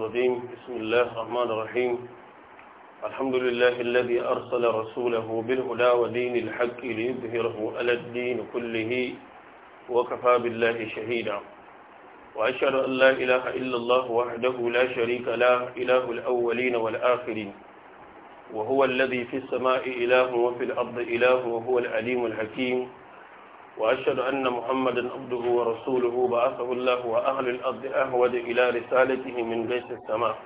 الرجيم بسم الله الرحمن الرحيم الحمد لله الذي أرسل رسوله بالهدى ودين الحق ليظهره على الدين كله وكفى بالله شهيدا وأشهد أن لا إله إلا الله وحده لا شريك له إله الأولين والآخرين وهو الذي في السماء إله وفي الأرض إله وهو العليم الحكيم وأشهد أن محمدا عبده ورسوله بعثه الله وأهل الأرض أهود إلى رسالته من بيت السماء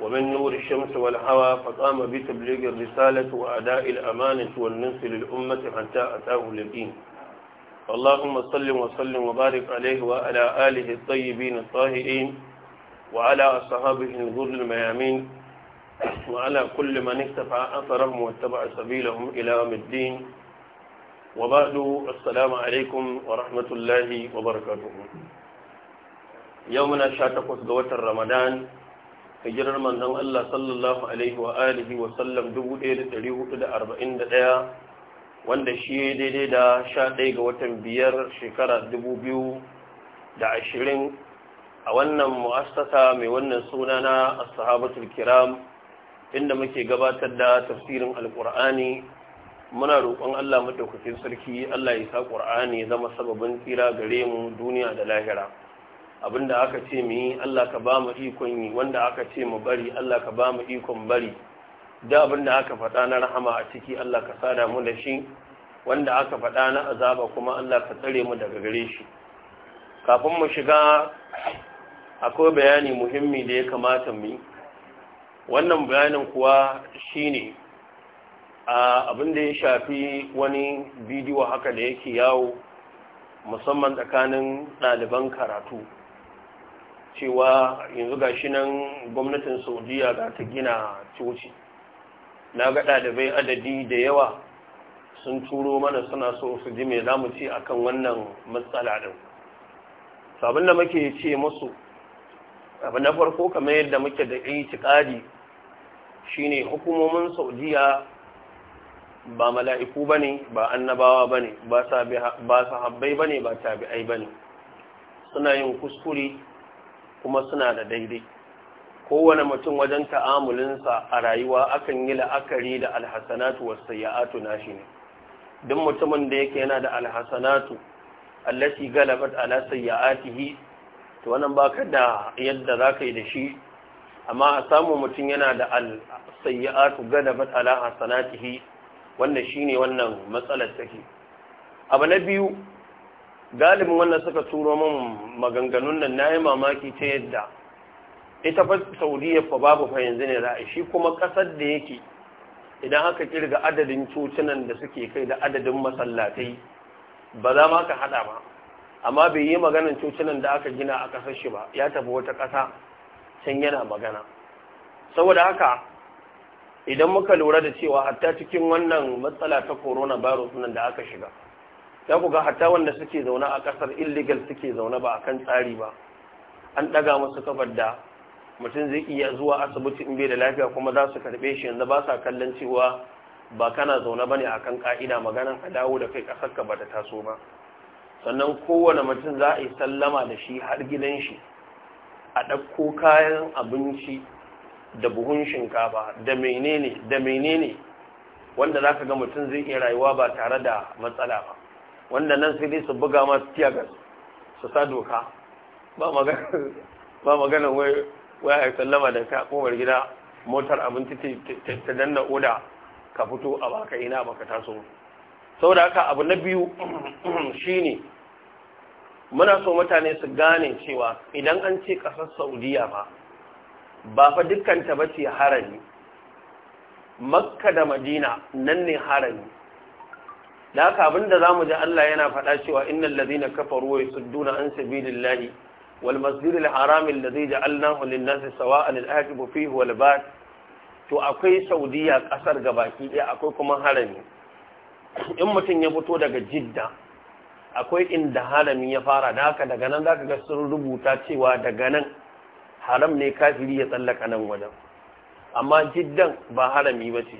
ومن نور الشمس والهوى فقام بتبليغ الرسالة وأداء الأمانة والنصر للأمة حتى أتاه اليقين اللهم صل وسلم وبارك عليه وعلى آله الطيبين الطاهرين وعلى أصحابه الغر الميامين وعلى كل من اكتفى أثرهم واتبع سبيلهم إلى يوم الدين وبعد السلام عليكم ورحمة الله وبركاته يومنا watan Ramadan, رمضان hijirar manzon Allah sallallahu wa alihi wa sallam 1441 wanda shi daidai da 11 ga watan biyar shekara ashirin, a wannan mu'assasa mai wannan suna na ashabatul kiram inda muke gabatar da tafsirin alqur'ani muna roƙon Allah madaukakin sarki Allah ya sa Qur'ani ya zama sababin tsira gare mu duniya da lahira abinda aka ce mu yi Allah ka ba mu ikon yi wanda aka ce mu bari Allah ka ba mu ikon bari da abinda aka faɗa na rahama a ciki Allah ka sada mu da shi wanda aka faɗa na azaba kuma Allah ka tsare mu daga gare shi kafin mu shiga akwai bayani muhimmi da ya kamata mu yi wannan bayanin kuwa shine abin da ya shafi wani bidiyo haka da yake yawo musamman tsakanin ɗaliban karatu cewa yanzu ga shi nan gwamnatin saudiya ga ta gina coci na ga ɗalibai adadi da yawa sun turo mana suna so su ji mai zamu ce akan wannan matsala ɗin sabon da muke ce musu abu na farko kamar yadda muke da shi shine hukumomin saudiya ba mala'iku ba ne ba annabawa ba ne ba sahabbai ba ne ba tabi'ai ba ne suna yin kuskure kuma suna da daidai kowane mutum wajen ta'amulinsa a rayuwa akan yi la'akari da alhassanatu wasu ya'atu nashi ne duk mutumin da yake yana da alhassanatu allati galabat ala sayyi'atihi to wannan baka da yadda za ka yi da shi amma a samun mutum yana da Alhassanatu, galabat ala wannan shine wannan matsalar take abu na biyu galibin wannan suka turo min maganganun nan na yi mamaki ta yadda ita fa saudiya fa babu fa yanzu ne ra'ayi shi kuma kasar da yake idan aka kirga adadin cocinan da suke kai da adadin masallatai ba za ma ka haɗa ba amma bai yi maganan cocinan da aka gina a kasar shi ba ya tafi wata ƙasa can yana magana saboda haka idan muka lura da cewa hatta cikin wannan matsala ta Corona virus nan da aka shiga za ku ga hatta wanda suke zaune a kasar illegal suke zaune ba akan tsari ba an ɗaga musu kafar da mutum zai iya zuwa asibiti in bai da lafiya kuma za su karɓe shi yanzu ba sa kallon cewa ba kana zaune ba ne a kan ƙa'ida maganan a dawo da kai kasar ba ta taso ba sannan kowane mutum za a yi sallama da shi har gidan shi a ɗauko kayan abinci da buhun shinkafa da menene da menene wanda zaka ga mutum zai iya rayuwa ba tare da matsala ba wanda nan sai dai su buga ma tiyagar su sa doka ba magana wai wai a sallama da ka kowar gida motar abinci ta danna oda ka fito a baka ina baka taso sau da haka abu na biyu shine muna so mutane su gane cewa idan an ce kasar saudiya ba ba fa dukkanta ba ce harami makka da madina nan ne harami da haka abinda za mu ji Allah yana faɗa cewa innal ladina kafaru wa yasudduna an sabilillahi wal masjidil haram alladhi ja'alnahu lin-nasi sawa'an al ajibu fihi wal ba'd to akwai saudiya kasar gabaki ɗaya akwai kuma harami in mutum ya fito daga jidda akwai inda harami ya fara da haka daga nan zaka ga sun rubuta cewa daga nan haram ne kafiri ya tsallaka nan wajen amma jiddan ba harami ba ce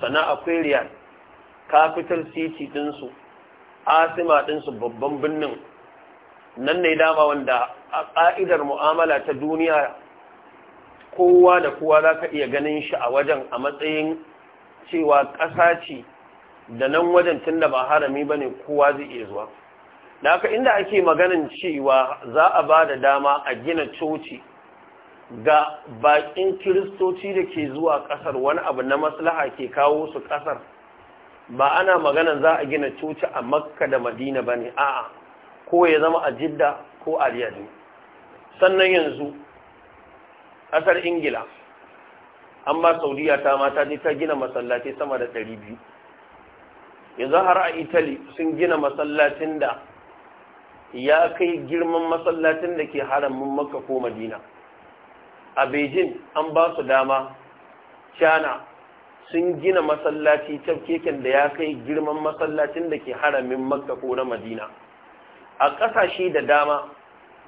sana akwai capital city ɗinsu asima ɗinsu babban birnin nan ne dama wanda a ƙa'idar mu'amala ta duniya kowa da kowa za ka iya ganin shi a wajen a matsayin cewa ƙasa ce da nan wajen tun da ba harami ba ne kowa zai iya zuwa da aka inda ake maganin cewa za a ba da dama a gina coci ga bakin kiristoci da ke zuwa kasar wani abu na maslaha ke kawo su kasar ba ana magana za a gina coci a makka da madina ba ne a'a ko ya zama a jidda ko a riyadu sannan yanzu kasar ingila an ba saudiya ta mata ne ta gina masallaci sama da 200 yanzu har a italy sun gina masallacin da ya kai girman masallacin da ke haramun makka ko madina a beijing an ba su dama china sun gina masallaci tafkeken da ya kai girman masallacin da ke haramin makka ko na madina a kasashe da dama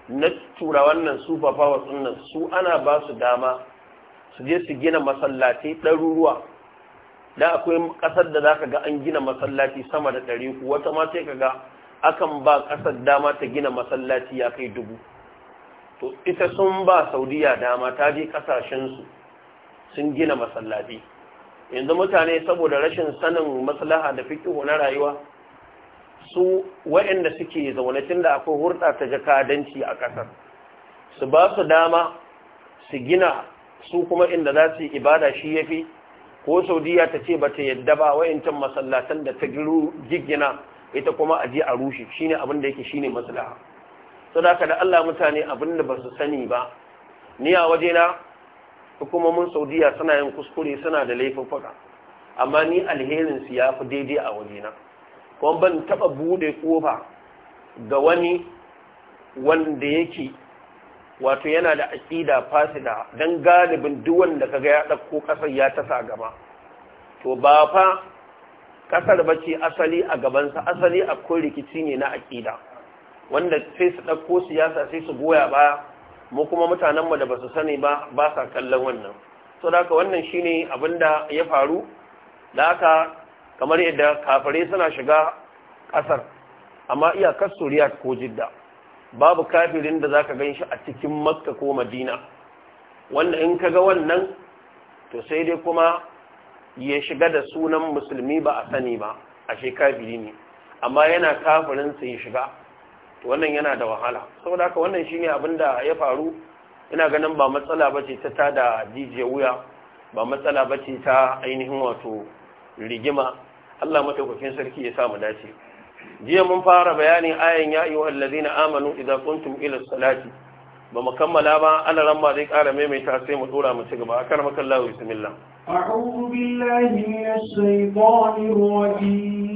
na tura wannan super power nan su ana ba su dama su je su gina masallaci ɗaruruwa da akwai ƙasar da zaka ga an gina masallaci sama da ɗari wata ma sai ka akan ba ƙasar dama ta gina masallaci ya kai dubu to ita sun ba saudiya dama ta je su sun gina masallaci yanzu mutane saboda rashin sanin maslaha da fikihu na rayuwa su waɗanda suke zaune tun da akwai hurɗa ta jakadanci a ƙasar su ba su dama su gina su kuma inda za su yi ibada shi ya fi ko saudiya ta ce ba ta yadda ba wa'incan masallatan da ta gina ita kuma a je a rushe shine abin da yake shine maslaha so da da Allah mutane abin da ba su sani ba ni a wajena hukumomin saudiya suna yin kuskure suna da laifin faka amma ni alherin su ya fi daidai a wajena kuma ban taɓa bude kofa ga wani wanda yake wato yana da aƙida fasida don galibin duk da kaga ya ɗauko ƙasar ya tasa gaba to ba fa ƙasar ce asali a gabansa asali akwai rikici ne na aƙida wanda sai su ɗauko siyasa sai su goya ba mu kuma mutanenmu da ba su sani ba ba sa kallon wannan so da haka wannan shine abin da ya faru da haka kamar yadda kafare suna shiga ƙasar amma iyakar suriya ko jidda babu kafirin da zaka gan shi a cikin makka ko madina wanda in ka ga wannan to sai dai kuma ya shiga da sunan musulmi ba a sani ba a shekafiri ne amma yana kafirin ya shiga wannan yana da wahala saboda haka wannan shine abin da ya faru ina ganin ba matsala bace ta tada dj wuya ba matsala bace ta ainihin wato rigima Allah madaukakin sarki ya sa mu dace jiya mun fara bayanin ayan ya ayyuhal ladina amanu idza kuntum ila salati ba mu kammala ba ana ramma zai ƙara maimaita sai mu dora mu ci gaba akan makallahu bismillah a'udhu billahi minash shaitanir rajim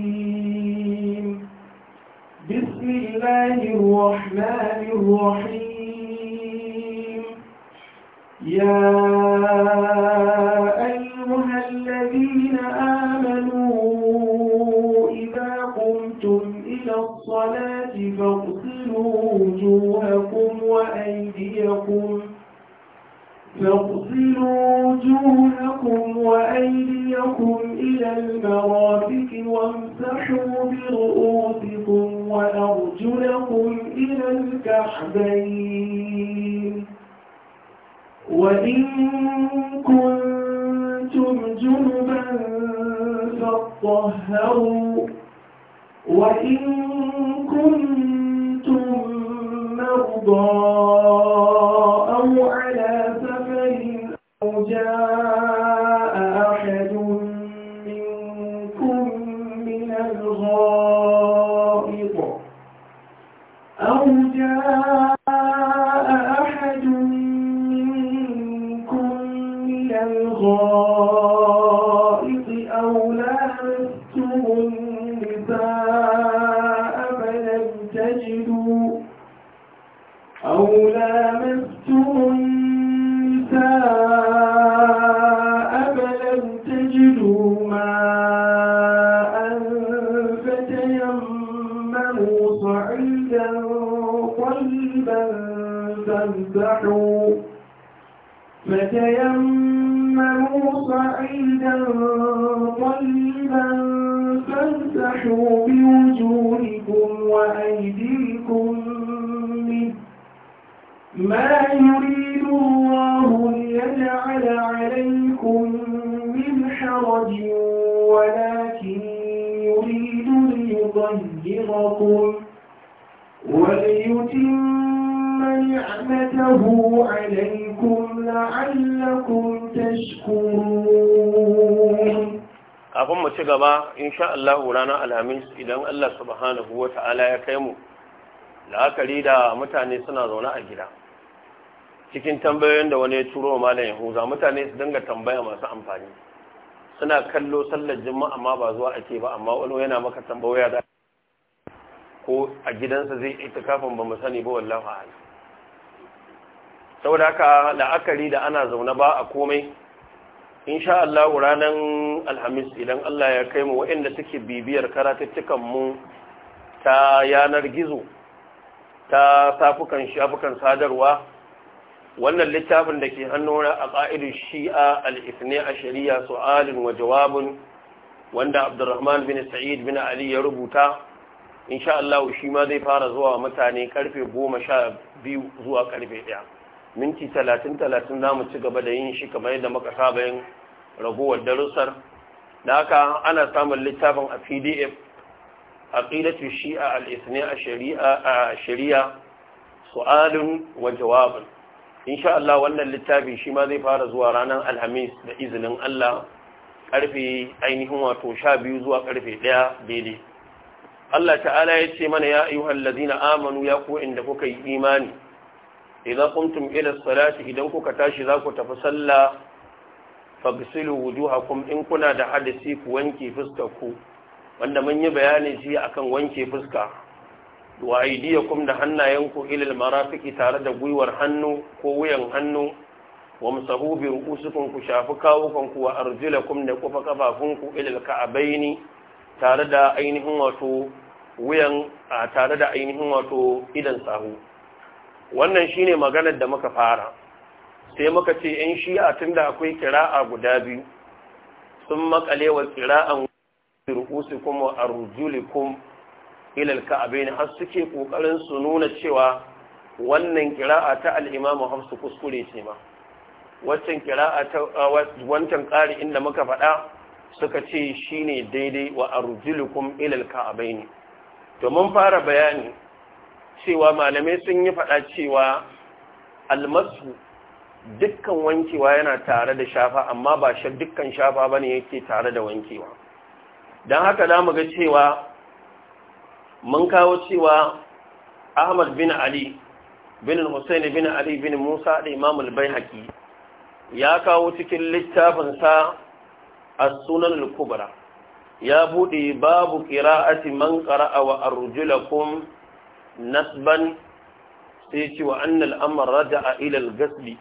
بسم الله الرحمن الرحيم يا أيها الذين آمنوا إذا قمتم إلى الصلاة فاغسلوا وجوهكم وأيديكم فاغسلوا وجوهكم وأيديكم إلى المرافق وامسحوا برؤوسكم وأرجلكم إلى الكعبين وإن كنتم جنبا فاطهروا وإن كنتم مرضى أو insha Allah ranar alhamis idan Allah subhanahu wa ta'ala ya kai mu la'akari da mutane suna zaune a gida cikin tambayoyin da wani ya turo malam yahuza mutane su dinga tambaya masu amfani suna kallo sallar juma'a amma ba zuwa ake ba amma wani yana maka tambaya da ko a gidansa zai itikafin ba mu sani ba wallahi saboda haka la'akari da ana zaune ba a komai insha Allah ranar alhamis idan Allah ya kai mu waɗanda suke bibiyar karatuttukan mu ta yanar gizo ta safukan shafukan sadarwa wannan littafin da ke hannuna a ƙa'idun shi'a al'ifne a shari'a su'alin wa jawabin wanda abdurrahman bin sa'id bin ali ya rubuta insha Allah shi ma zai fara zuwa mutane karfe goma sha biyu zuwa karfe ɗaya minti talatin talatin za mu ci gaba da yin shi kamar yadda muka saba yin ragowar darussar da haka ana samun littafin a pdf aqidatu shi'a al shi a shari'a su'adun wa jawabin. insha Allah wannan littafi shi ma zai fara zuwa ranar alhamis da izinin Allah ƙarfe ainihin wato sha biyu zuwa ƙarfe ɗaya daidai Allah ta'ala ya ce mana ya ayyuhal ladina amanu ya ku inda kuka yi imani idan kuntum ila salati idan kuka tashi za ku tafi sallah fagsilu wujuhakum in kuna da hadisi ku wanke fuskarku wanda mun yi bayani shi akan wanke fuska wa aydiyakum da hannayenku ila marafiki tare da gwiwar hannu ko wuyan hannu wa musahu bi ku shafi kawukan ku wa arjulakum da kufa kafafunku ila alka'abaini tare da ainihin wato wuyan tare da ainihin wato idan sahu wannan shi ne maganar da muka fara sai muka ce yan shi'a tunda akwai kira'a guda biyu sun makale wa kira'an kuma a arjulikum ila al ne, har suke kokarin su nuna cewa wannan kira'a ta al-imamu Hafsu kuskure ce ma Wancan kira'a ta wancan ƙari inda muka faɗa suka ce shi ne daidai wa arjulukum ila al-ka'bayn to mun fara bayani cewa malamai sun yi faɗa cewa almasu dukkan wankewa yana tare da shafa amma ba shi dukkan shafa ne yake tare da wankewa don haka za mu ga cewa mun kawo cewa ahmad bin ali bin husaini bin ali bin musa da imam al-baihaqi ya kawo cikin littafinsa as-sunan al ya bude babu qira'ati man qara'a wa arjulakum nasban sai ce wa annal amr raja'a ila al-gasbi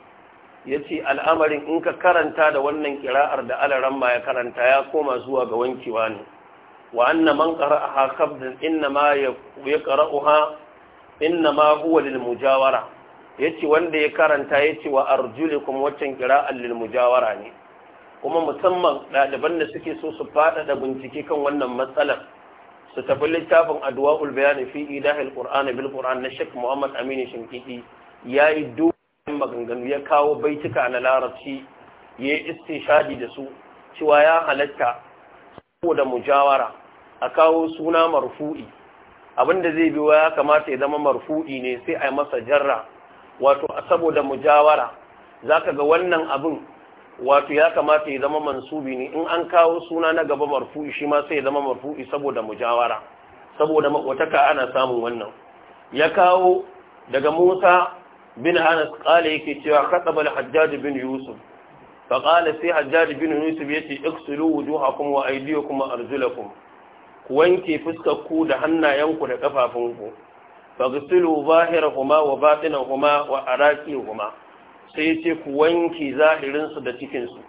yace al'amarin in ka karanta da wannan kira'ar da alaran ma ya karanta ya koma zuwa ga wankewa ne wa anna man qara'aha qabdan inna ma yaqra'uha inna ma huwa lilmujawara. mujawara yace wanda ya karanta yace wa arjulukum waccan kira'ar lilmujawara ne kuma musamman ɗaliban da suke so su faɗaɗa bincike kan wannan matsalar su tafi littafin adwa'ul bayani fi idahil qur'ani bil qur'an na Sheikh Muhammad Aminu ya yayi dukkan maganganu ya kawo baituka na larabci yayi istishadi da su cewa ya halatta saboda mujawara a kawo suna marfu'i abinda zai biyo ya kamata ya zama marfu'i ne sai a masa jarra wato saboda mujawara zaka ga wannan abin wato ya kamata ya zama mansubi ne in an kawo suna na gaba marfu'i shi ma sai ya zama marfu'i saboda mujawara saboda makwataka ana samun wannan ya kawo daga Musa bin Anas kale yake cewa katabal Hajjaj bin Yusuf fa kale sai Hajjaj bin Yusuf yace iksulu wujuhakum wa aydiyakum wa arjulakum ku wanke fuskarku da hannayenku da kafafunku fa gsilu zahirahuma wa batinahuma wa araqihuma sai ya ce ku wanke zahirinsu da cikinsu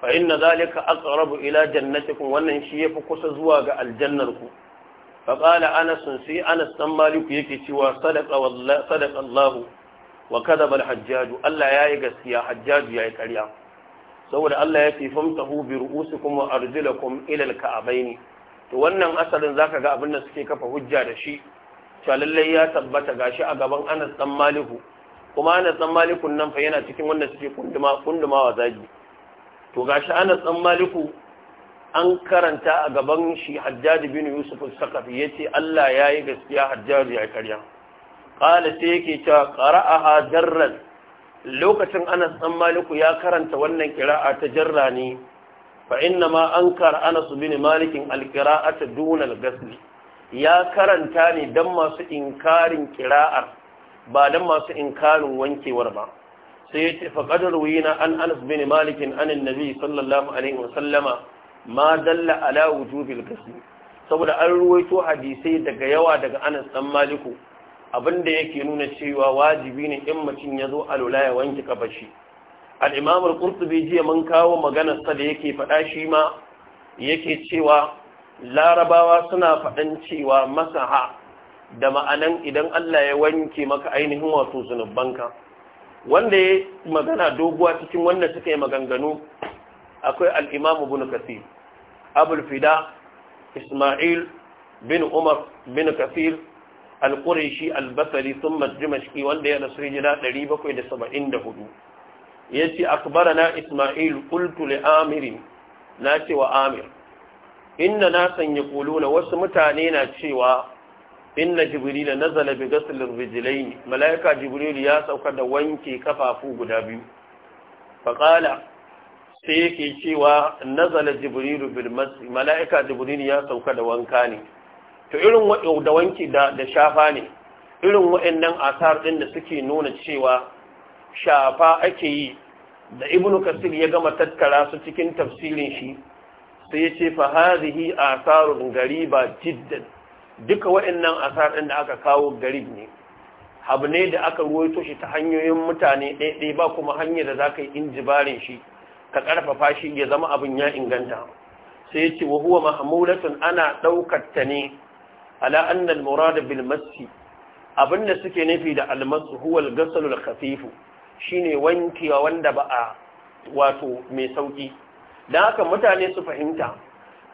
fa inna zalika aqrabu ila jannatikum wannan shi yafi kusa zuwa ga aljannarku fa qala anas sai anas dan maliku yake cewa sadaqa wallahi sadaqa allah wa kadaba alhajjaj allah yayi gaskiya hajjaj yayi ƙarya saboda allah ya Hubi, famtahu bi ru'usikum wa arjulakum ila alka'abaini to wannan asalin zaka ga abin da suke kafa hujja da shi cewa lallai ya tabbata gashi a gaban anas dan maliku kuma ana san malikun nan fa yana cikin wannan suke kunduma kunduma wa zagi to gashi ana san maliku an karanta a gaban shi Hajjaj bin Yusuf al-Saqafi yace Allah ya yayi gaskiya Hajjaj ya karya qala sai yake cewa qara'aha jarran lokacin Anas dan Maliku ya karanta wannan kira'a ta jarra ne fa inna ma ankar Anas bin malikin al-qira'ata ta al ya karanta ne dan masu inkarin kiraar. ba dan masu inkarin wankewar ba sai ya ce faƙadar wuyina an anas bin malikin anin nabi sallallahu alaihi wasallama ma dalla ala wujubil ghusl saboda an ruwaito hadisai daga yawa daga anas dan maliku abinda yake nuna cewa wajibi ne in mutum ya zo alula ya wanke kabashi al-imam al-qurtubi jiya mun kawo maganar sa da yake faɗa shi ma yake cewa larabawa suna faɗan cewa masaha da ma'anan idan Allah ya wanke maka ainihin wato zunubbanka wanda ya magana doguwa cikin wanda suka yi maganganu akwai al'imamu bin kafir abul ismail bin umar bin kasir al albasari al-basri thumma wanda ya nasu rijina 774 yace na ismail qultu li amir na ce inda na sanya kulu na wasu mutane na cewa inna jibrila nazala bi ghasl ar-rijlayn malaika jibril ya sauka da wanke kafafu guda biyu fa qala sai yake cewa nazala jibril bil mas malaika jibril ya sauka da wanka ne to irin da wanki da da shafa ne irin waɗannan asar din da suke nuna cewa shafa ake yi da ibnu kasir ya gama tattara su cikin tafsirin shi sai ya ce fa hadhihi asarun gariba jiddan duka waɗannan asar ɗin da aka kawo garib ne abu ne da aka ruwaito shi ta hanyoyin mutane ɗaiɗai ba kuma hanyar da za ka yi injibarin shi ka ƙarfafa shi ya zama abin ya inganta sai ya ce wa huwa mahmulatun ana ɗaukar ta ne ala annal murada bil masi abin da suke nufi da almasu huwa gasalul khafifu shine wankewa wanda ba a wato mai sauƙi. dan haka mutane su fahimta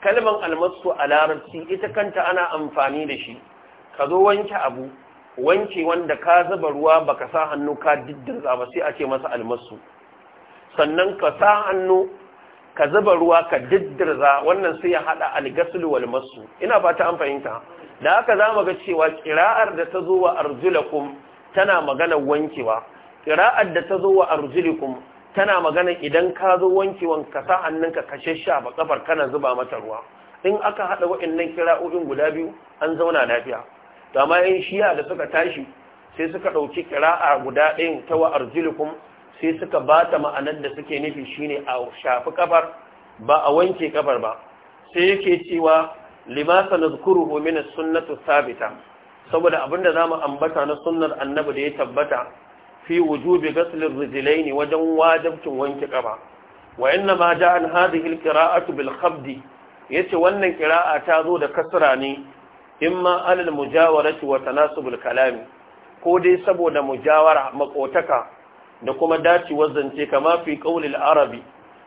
kalman almasu a larabci ita kanta ana amfani da shi ka zo wanke abu wanke wanda ka zuba ruwa baka sa hannu ka diddirza ba sai a ce masa almasu sannan ka sa hannu ka zuba ruwa ka diddirza wannan sai ya hada algasul wal masu ina fata an fahimta da haka za mu ga cewa qira'ar da ta zo wa arzulakum tana magana wankewa Ƙira'ar da ta zo wa arzulikum tana magana idan ka zo wankewan ka sa hannunka ka shasha ba kafar kana zuba mata ruwa in aka haɗa waɗannan kira'o'in guda biyu an zauna lafiya amma yan shiya da suka tashi sai suka ɗauki kira'a guda ɗayan ta wa arjulukum sai suka bata ma'anar da suke nufi shine a shafi kafar ba a wanke kafar ba sai yake cewa limasa nazkuruhu min as-sunnatu sabita saboda abinda zamu ambata na sunnar annabi da ya tabbata fi wujubi ghasl ar wajen wajibcin wanke kaba wa inna ma ja'a an hadhihi al bil khabd yace wannan qira'a ta zo da kasra ne imma alal mujawarati wa tanasubul kalami ko dai saboda mujawara makotaka da kuma dacewar zance kama fi qaulil arabi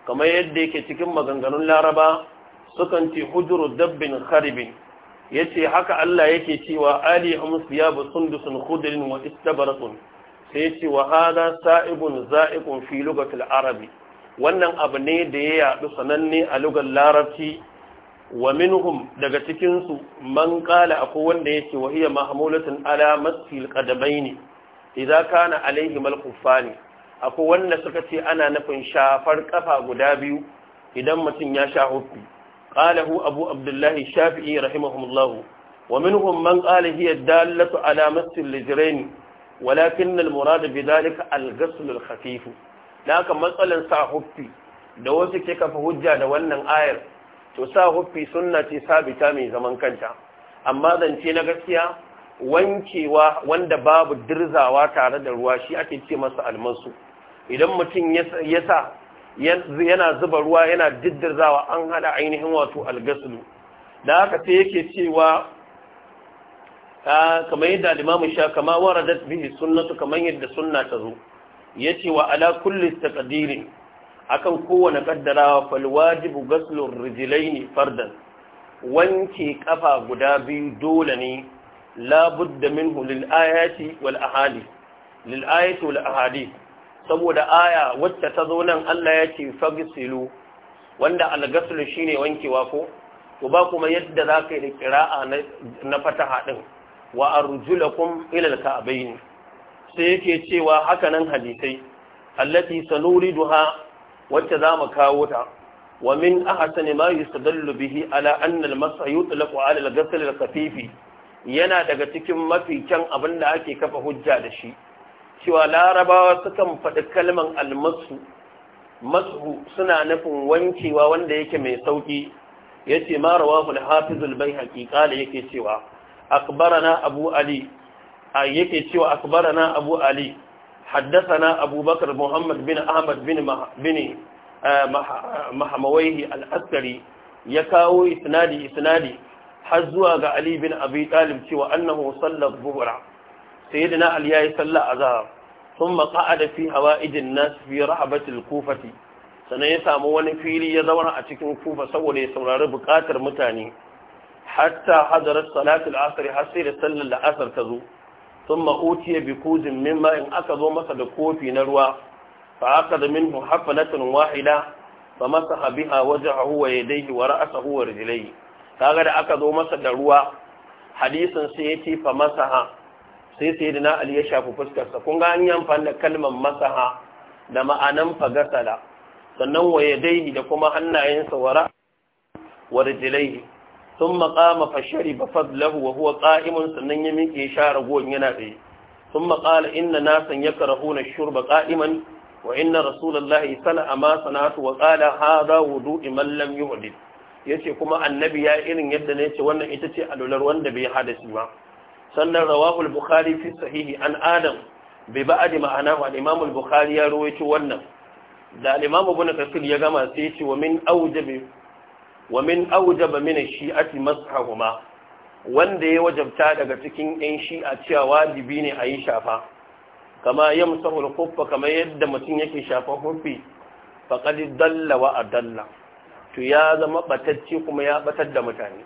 kamar yadda yake cikin maganganun laraba sukan ce hujuru dabbin kharibin yace haka Allah yake cewa ali hum siyabu sundusun khudrin wa istabaratun sai ya ce wa hada sa'ibun za'iqun fi lugatil arabi wannan abu ne da ya yadu sananne a lugar larabci wa minhum daga cikin su man qala akwai wanda yake wa hiya mahmulatun ala masfil qadabaini idza kana alaihi mal khuffani akwai wanda suka ce ana nufin shafar kafa guda biyu idan mutum ya sha huffi hu abu abdullahi shafi'i rahimahullahu wa minhum man qala hiya dallatu ala masfil lijraini ولكن المراد بذلك bi الخفيف al-ghusl al-khafif laka sa da wasu ke kafa hujja da wannan ayar to sa hufi sunna ce sabita mai zaman kanta amma zance na gaskiya wankewa wanda babu dirzawa tare da ruwa shi ake ce masa almasu idan mutum ya sa yana zuba ruwa yana diddirzawa an hada ainihin wato algaslu da haka sai yake cewa kamar yadda limamu sha kama waradat bihi sunnatu kamar yadda sunna ta zo yace wa ala kulli taqdirin akan kowane kaddarawa fal wajibu ghaslur rijlaini fardan wanke kafa guda biyu dole ne la budda minhu lil ayati wal ahadith lil ayati wal ahadi. saboda aya wacce ta zo nan Allah yace fagsilu wanda al-ghasl shine wankewa ko to ba kuma yadda zaka yi da qira'a na fataha din wa arjulakum ila al sai yake cewa hakanan hadisai allati sanuriduha wacce zamu kawo ta wa min ahsani ma yustadallu bihi ala anna al yutlaqu ala al-ghasl yana daga cikin mafi kyan abin da ake kafa hujja da shi cewa larabawa sukan faɗi kalman almasu masu suna nufin wankewa wanda yake mai sauƙi ya ce ma rawahu al bai haƙiƙa da yake cewa akbarana abu ali yake cewa akbarana abu ali حدثنا أبو بكر محمد بن أحمد بن مح... بن محمويه الأسكري يكاو إسنادي إسنادي حزوا علي بن أبي طالب سوى أنه صلى الظهر سيدنا علي صلى أزهر ثم قعد في هوائج الناس في رحبة الكوفة سنيسا مواني فيلي يدور أتكن كوفة سولي سولار بكاتر متاني hatta hadarar salatul asr har sai da sallar la'asar ta zo sun utiya bi kuzin mimma in aka zo masa da kofi na ruwa fa aka da minhu wahida fa a biha wajhahu wa yadayhi wa ra'sahu wa rijlayhi kaga da aka zo masa da ruwa hadisin sai yace fa masaha sai na ali ya shafi fuskarsa. kun ga an yi amfani da kalmar masaha da ma'anan fagasala sannan wa yadayhi da kuma hannayensa wa ra'sahu wa rijlayhi sun maƙama fashari ba fadlahu wa huwa ƙa'imun sannan ya miƙe sha ragon yana tsaye sun maƙala inna nasan ya karahu na shurba ƙa'iman wa inna rasulallahi sana'a ma sana'atu wa ƙala hada wudu iman lam Ya yace kuma annabi ya irin yadda ne ce wannan ita ce alular wanda bai hadasi ba sannan rawahul bukhari fi sahihi an adam bai di ma'ana wa imam bukhari ya rawaito wannan da al-imam ibn kasir ya gama sai ce wa min awjabi wa min aujaba min shi'ati mashahuma wanda ya wajabta daga cikin ɗan shi'a cewa wajibi ne a yi shafa kama yamsahu al-khuffa kama yadda mutum yake shafa hufi faqad dalla wa adalla to ya zama batacce kuma ya batar da mutane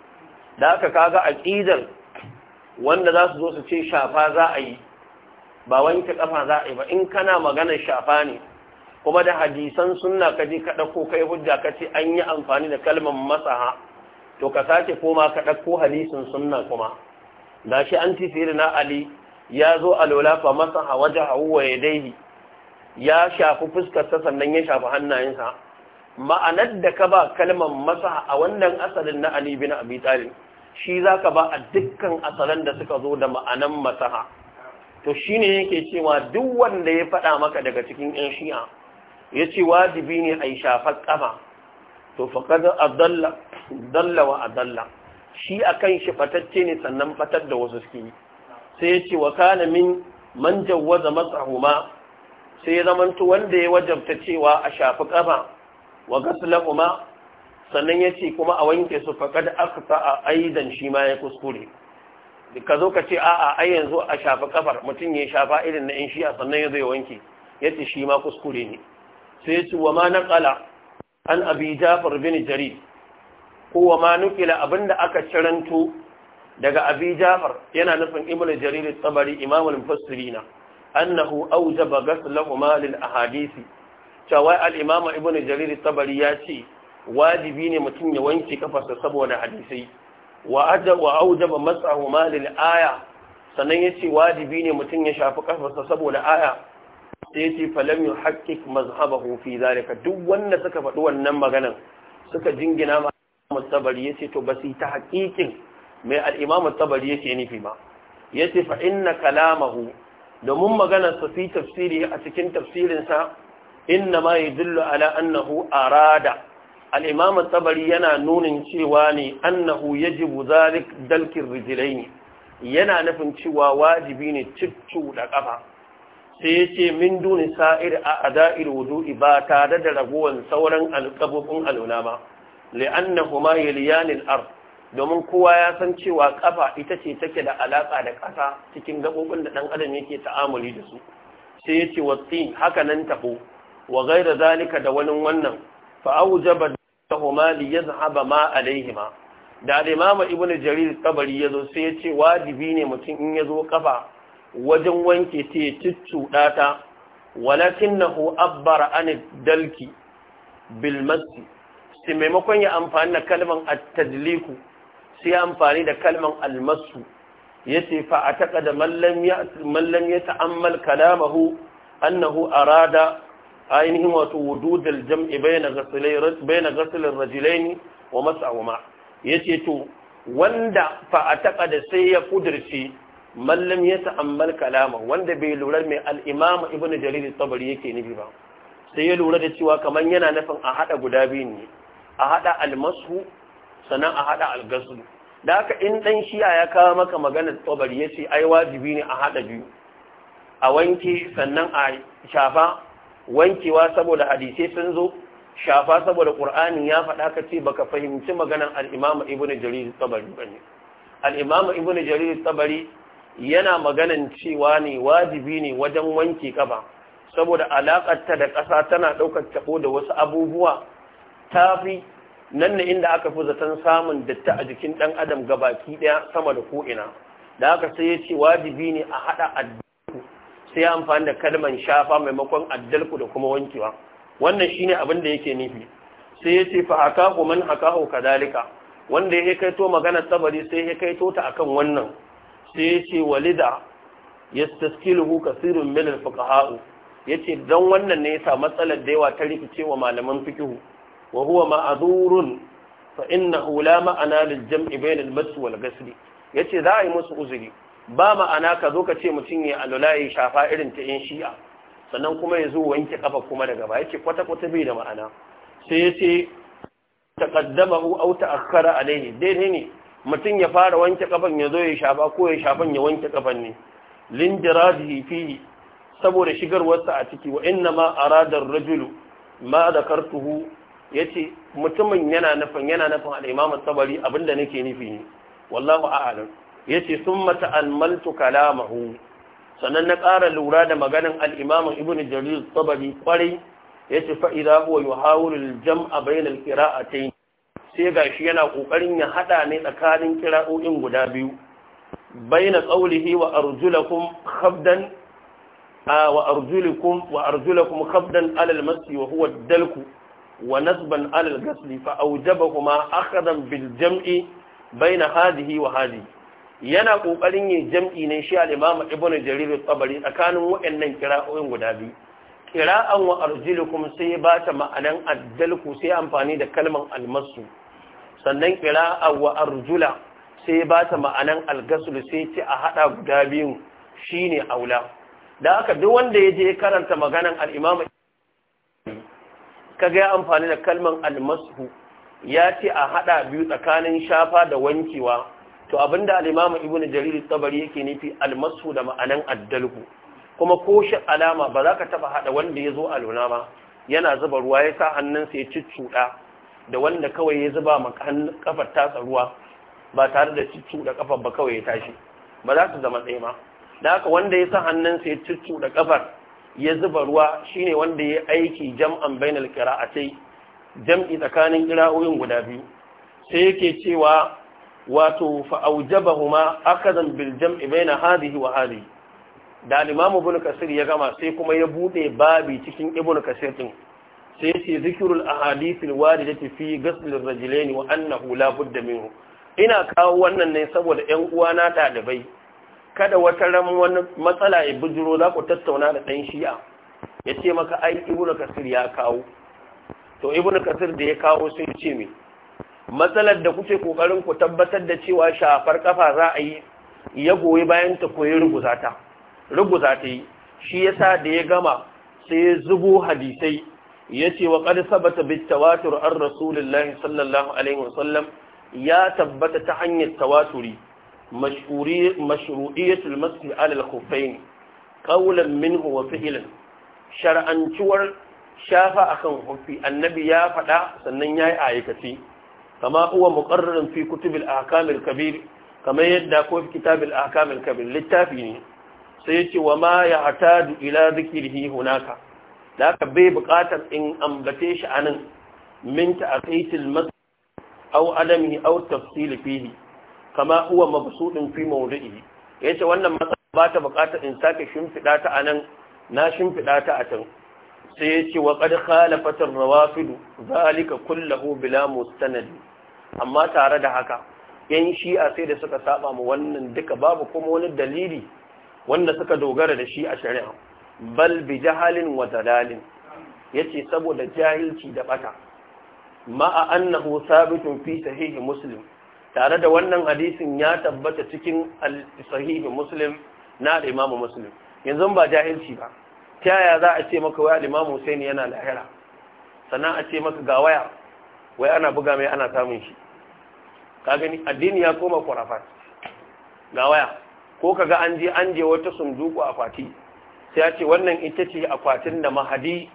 da haka kaga aqidar wanda za su zo su ce shafa za a yi ba wanke kafa za a yi ba in kana maganar shafa ne kuma da hadisan sunna ka je ka ɗauko kai hujja kace ce an yi amfani da kalmar masaha to ka sake koma ka ɗauko hadisin sunna kuma da shi an ci na ali ya zo a lolafa masaha wajen Hauwa ya daihi ya shafi fuskarsa sannan ya shafi hannayensa ma'anar da ka ba kalmar masaha a wannan asalin na ali bin abi talib shi za ka ba a dukkan asalan da suka zo da ma'anan masaha to shine yake cewa duk wanda ya faɗa maka daga cikin 'yan shi'a ya ce wajibi ne a yi shafar ƙafa to faƙar adalla wa adalla shi a kan shi fatacce ne sannan fatar da wasu suke sai ya ce wa kane min man jawwaza matsahuma sai ya zamanta wanda ya wajabta cewa a shafi ƙafa wa gaslahuma sannan ya ce kuma a wanke su faƙad aka a aidan shi ma ya kuskure ka zo ka ce a'a ai yanzu a shafi kafar mutum ya shafa irin na in a sannan ya zo ya wanke ya ce shi ma kuskure ne sai ya ce wa ma naqala an abi jafar bin jarir ko wa ma nukila abinda aka ciranto daga abi jafar yana nufin ibnu jarir tabari imamul mufassirina annahu awjaba ghaslahuma lil ahadisi cewa al-imam ibnu jarir tabari ya ce wajibi ne mutum ya wanke kafarsa saboda hadisai wa ajaba awjaba masahuma lil aya sannan yace wajibi ne mutum ya shafi kafarsa saboda aya sai ce falam yuhakkik mazhabahu Hufi zalika duk wanda suka faɗi wannan maganan suka jingina ma ya ce to basi ta haƙiƙin mai al-imam ya yake nufi ba yace fa inna kalamahu domin maganar sa fi tafsiri a cikin tafsirin sa inna ma yadullu ala annahu arada al-imam mustabari yana nunin cewa ne annahu yajibu zalik dalkin ne. yana nufin cewa wajibi ne ciccu da ƙafa. sai ya ce min duni sa'ir a ada'ir wudu ba tare da ragowar sauran alƙabofin alula ba li'anna huma yaliyanil ar domin kowa ya san cewa ƙafa ita ce take da alaƙa da ƙasa cikin gaɓoɓin da ɗan adam yake ta'amuli da su sai ya ce watsi haka nan taɓo wa da zalika da wani wannan fa'awu jaba da huma ya ma alaihima da al'imama ibn jarir tabari ya sai ya ce wajibi ne mutum in ya zo ƙafa. wajen wanke ta ya ta walakin na abbara an dalki bilmasi sai maimakon ya amfani da kalman attajliku sai amfani da kalman almasu ya ce fa a taƙa da mallam ya ta'ammal kalamahu annahu arada ainihin wato wududul jam'i bayna rajilai ne wa ya ce to wanda fa a taƙa da sai ya kudurci mallam ya ta'ammal kalama wanda bai lura mai al-imam ibnu jarir tabari yake nufi ba sai ya lura da cewa kamar yana nufin a hada guda biyu ne a hada al sannan a hada al da haka in dan shiya ya kawo maka maganar tabari yace ai wajibi ne a hada biyu a wanke sannan a shafa wankewa saboda hadisi sun zo shafa saboda qur'ani ya faɗa ka ce baka fahimci maganar al-imam ibnu jarir tabari bane al-imam ibnu jarir tabari yana maganan cewa ne wajibi ne wajen wanke kafa saboda ta da ƙasa tana ɗaukar taɓo da wasu abubuwa ta fi nan na inda aka fi zaton samun datta a jikin ɗan adam ga baki ɗaya sama da ko'ina da haka sai ya ce wajibi ne a haɗa addalku sai amfani da kalman shafa maimakon addalku da kuma wankewa wannan shi ne abin da yake nufi sai ya ce fa haka man haka kadalika wanda ya kai to maganar tsabari sai ya kai to ta akan wannan sai ya ce walida ya taskiluhu kasirun milin fukaha'u Ya ce don wannan ne matsalar da yawa ta rikice wa malaman fikihu wa huwa ma'zurun fa innahu hula ma'ana da jam'i bayna al-mass wal yace za a yi musu uzuri ba ma'ana ka zo ka ce mutum ya alulayi shafa irin ta yan shi'a sannan kuma ya zo wanke kafa kuma daga ba ce kwata kwata bai da ma'ana sai ya ce yace taqaddamahu auta ta'akhkhara alaihi daidai ne mutum ya fara wanke kafan ya zo ya shafa ko ya shafan ya wanke kafan ne lindiradihi fihi saboda shigarwarsa a ciki wa inna ma aradar rajulu ma da kartuhu ya ce mutumin yana nufin yana nufin al'imama tsabari abinda nake nufi ne wallahu a'alam ya ce sun mata almaltu kalamahu sannan na ƙara lura da maganin al'imaman ibn jarir tsabari kwarai ya ce fa'ida huwa jam'a bainal alkira a sai ga shi yana ƙoƙarin ya haɗa ne tsakanin kira'o'in guda biyu baina qawlihi wa arjulakum khabdan wa arjulukum wa arjulakum khabdan ala masi wa huwa dalku wa nasban ala al-ghasli fa awjabahuma akhadan bil jam'i baina hadhihi wa hadhihi yana ƙoƙarin yin jam'i ne shi al-imam ibnu jarir at-tabari tsakanin waɗannan kira'o'in guda biyu Kira an wa arzilukum sai ba ta ma'anan addalku sai amfani da kalman almasu sannan Kira an wa arzula sai ba ta ma'anan algasulu sai ce a hada guda biyu ne aula da aka duk wanda ya je karanta maganan al'imama kaga ya amfani da kalman almasu ya ce a haɗa biyu tsakanin shafa da wankewa to abinda al'imama ibnu jariri tabari yake nufi almasu da ma'anan addalku kuma ko shi alama ba za ka taɓa haɗa wanda ya zo a luna ba yana zuba ruwa ya sa hannunsa ya ciccuɗa da wanda kawai ya zuba kafar tasa ruwa ba tare da ciccuɗa kafar ba kawai ya tashi ba za su zama tsaye ma da haka wanda ya sa hannunsa ya da kafar ya zuba ruwa shine wanda ya aiki jam'an bainal qira'atai jam'i tsakanin qira'oyin guda biyu sai yake cewa wato fa aujabahuma akadan bil jam'i baina hadihi wa hadihi da limamu ibn kasir ya gama sai kuma ya bude babi cikin ibn kasir din sai yace zikirul ahadith alwaridati fi ghusl ar-rajulain wa annahu la budda minhu ina kawo wannan ne saboda ƴan uwana ɗalibai kada wata ran wani matsala ya bujuro za ku tattauna da ɗan shi'a yace maka ai ibn kasir ya kawo to ibnu kasir da ya kawo sai ce me matsalar da kuke kokarin ku tabbatar da cewa shafar kafa za a yi ya goyi bayan ta koyi rubuta ta rugu ta yi shi yasa da ya gama sai ya zubo hadisai ya ce wa qad sabata bit tawatur an rasulillahi sallallahu alaihi wasallam ya tabbata ta hanyar tawaturi mashru'iyatul masjid alal al-khuffain qawlan minhu wa fi'lan shar'antuwar shafa akan hufi annabi ya faɗa sannan yayi aikaci kama uwa muqarrarun fi kutubil ahkamil kabir kamar yadda ko fi kitabil ahkamil kabir littafi ne sai yake wa ma yahtadu ila dhikrihi hunaka da ka bai bukatar in ambace shi anan min ta'qitil mas au adamihi au tafsil fihi kama huwa mabsudun fi mawdihi yace wannan matsala ba ta buƙatar in sake shimfiɗa ta anan na shimfiɗa ta a can sai ya ce wa ƙad khalafatar rawafidu zalika kullahu bila mustanadi amma tare da haka yan shi'a sai da suka saba mu wannan duka babu kuma wani dalili wanda suka dogara da shi a shari'a bal bi jahalin wa dalalin yace saboda jahilci da bata ma'a annahu sabitun fi sahihi muslim tare da wannan hadisin ya tabbata cikin sahihi muslim na imamu muslim yanzu ba jahilci ba ta yaya za a ce maka waya imamu husaini yana lahira sannan a ce maka ga waya wai ana buga mai ana samun shi ka gani addini ya koma kwarafat. ga waya ko kaga an je an je wata sunduku akwati sai ya ce wannan ita ce akwatin da mahadi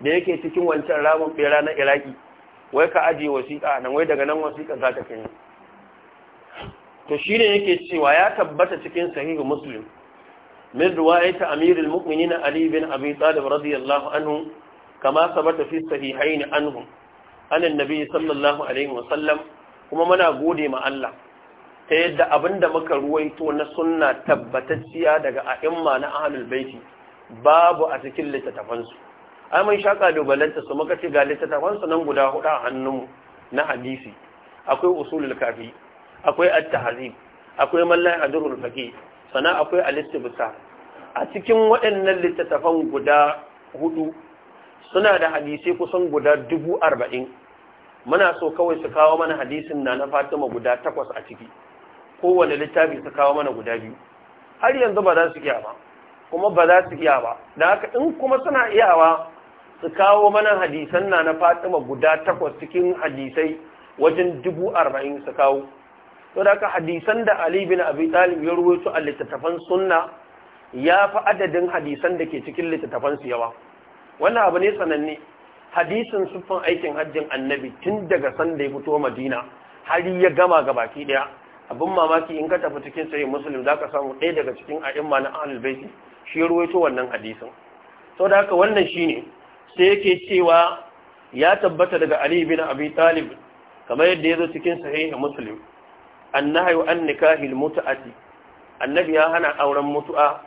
da yake cikin wancan ramin bera na iraki wai ka aje wasiƙa nan wai daga nan wasiƙa za ta kai to shi shine yake cewa ya tabbata cikin sahihu muslim min ruwayat amirul muminin ali bin abi talib radiyallahu anhu kama sabata fi sahihayn anhu an nabi sallallahu alaihi wa sallam kuma muna gode ma Allah ta yadda abin da muka ruwaito na suna tabbatacciya daga a'imma na ahalul baiti babu a cikin littattafansu ai mun shaƙa kalubalanta su muka ce ga littattafansu nan guda hudu a hannunmu na hadisi akwai usulul kafi akwai at-tahzib akwai mallan adrul faqih sana akwai al-istibsa a cikin waɗannan littattafan guda hudu suna da hadisi kusan guda dubu arba'in muna so kawai su kawo mana hadisin na na fatima guda takwas a ciki kowane littafi su kawo mana guda biyu har yanzu ba za su iya ba kuma ba za su iya ba da haka in kuma suna iyawa su kawo mana hadisan na na fatima guda takwas cikin hadisai wajen dubu arba'in su kawo to da haka hadisan da ali bin abi talib ya ruwaito a littattafan sunna ya fi adadin hadisan da ke cikin littattafan su yawa wannan abu ne sananne hadisin siffan aikin hajjin annabi tun daga sanda ya fito madina har ya gama ga baki daya abin mamaki in ka tafi cikin sahih muslim zaka samu ɗaya daga cikin a'imma na ahlul bait shi ruwaito wannan hadisin da haka wannan shine sai yake cewa ya tabbata daga ali bin abi talib kamar yadda yazo cikin sahih muslim annahu an nikahil mut'ati annabi ya hana auren mutu'a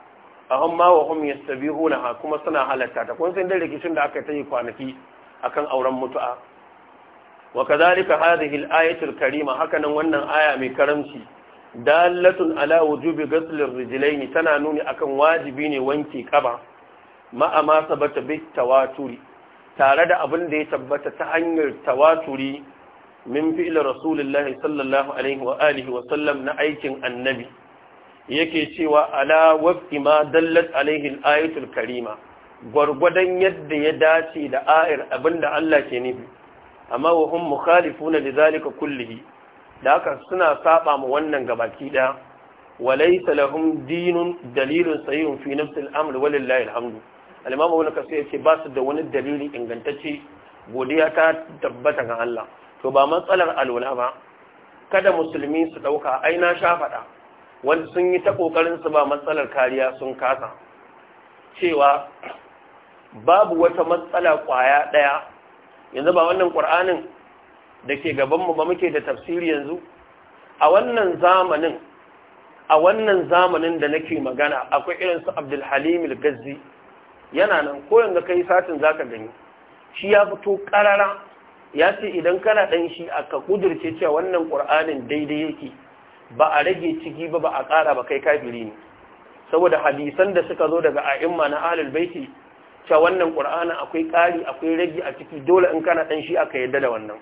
ahun ma wa hum yastabihuna kuma suna halatta ta kun san da rikicin da aka yi kwanaki akan auren mutu'a wa kadhalika hadhihi al-ayatu al-karima hakanan wannan aya mai karamci dalatun ala wujubi ghusl ar-rijlayn tana nuni akan wajibi ne wanke kaba ma amma sabata bi tawaturi tare da abin da ya tabbata ta hanyar tawaturi min fi'il rasulullahi sallallahu alaihi wa alihi wa sallam na aikin annabi yake cewa ala wafi ma dallat alaihi al karima gwargwadon yadda ya dace da ayar abinda Allah ke nufi amma wa hum mukhalifuna lidhalika kullihi da haka suna saba mu wannan gabaki daya walaysa lahum dinun dalilun sahihun fi nafsi al-amr walillahi alhamdu al-imam ibn kasir yace ba su da wani dalili ingantacce godiya ta tabbata ga Allah to ba matsalar alwala ba kada musulmi su dauka ai na sha fada wanda sun yi ta kokarin su ba matsalar kariya sun kasa cewa babu wata matsala kwaya daya yanzu ba wannan ƙwar'anin da ke gabanmu ba muke da tafsiri yanzu a wannan zamanin a wannan zamanin da nake magana akwai irin su abdulhalim ilgazi yana nan ko ka kai satin za ka gani shi ya fito ƙarara. ya ce idan kana ɗan shi ka ƙudurce cewa wannan ƙwar'anin daidai yake ba a rage ciki ba ba a ƙara ba kai kafiri ne saboda hadisan da suka zo daga a'imma na ahlul baiti cewa wannan qur'anin akwai ƙari akwai ragi a ciki dole in kana dan shi aka yadda da wannan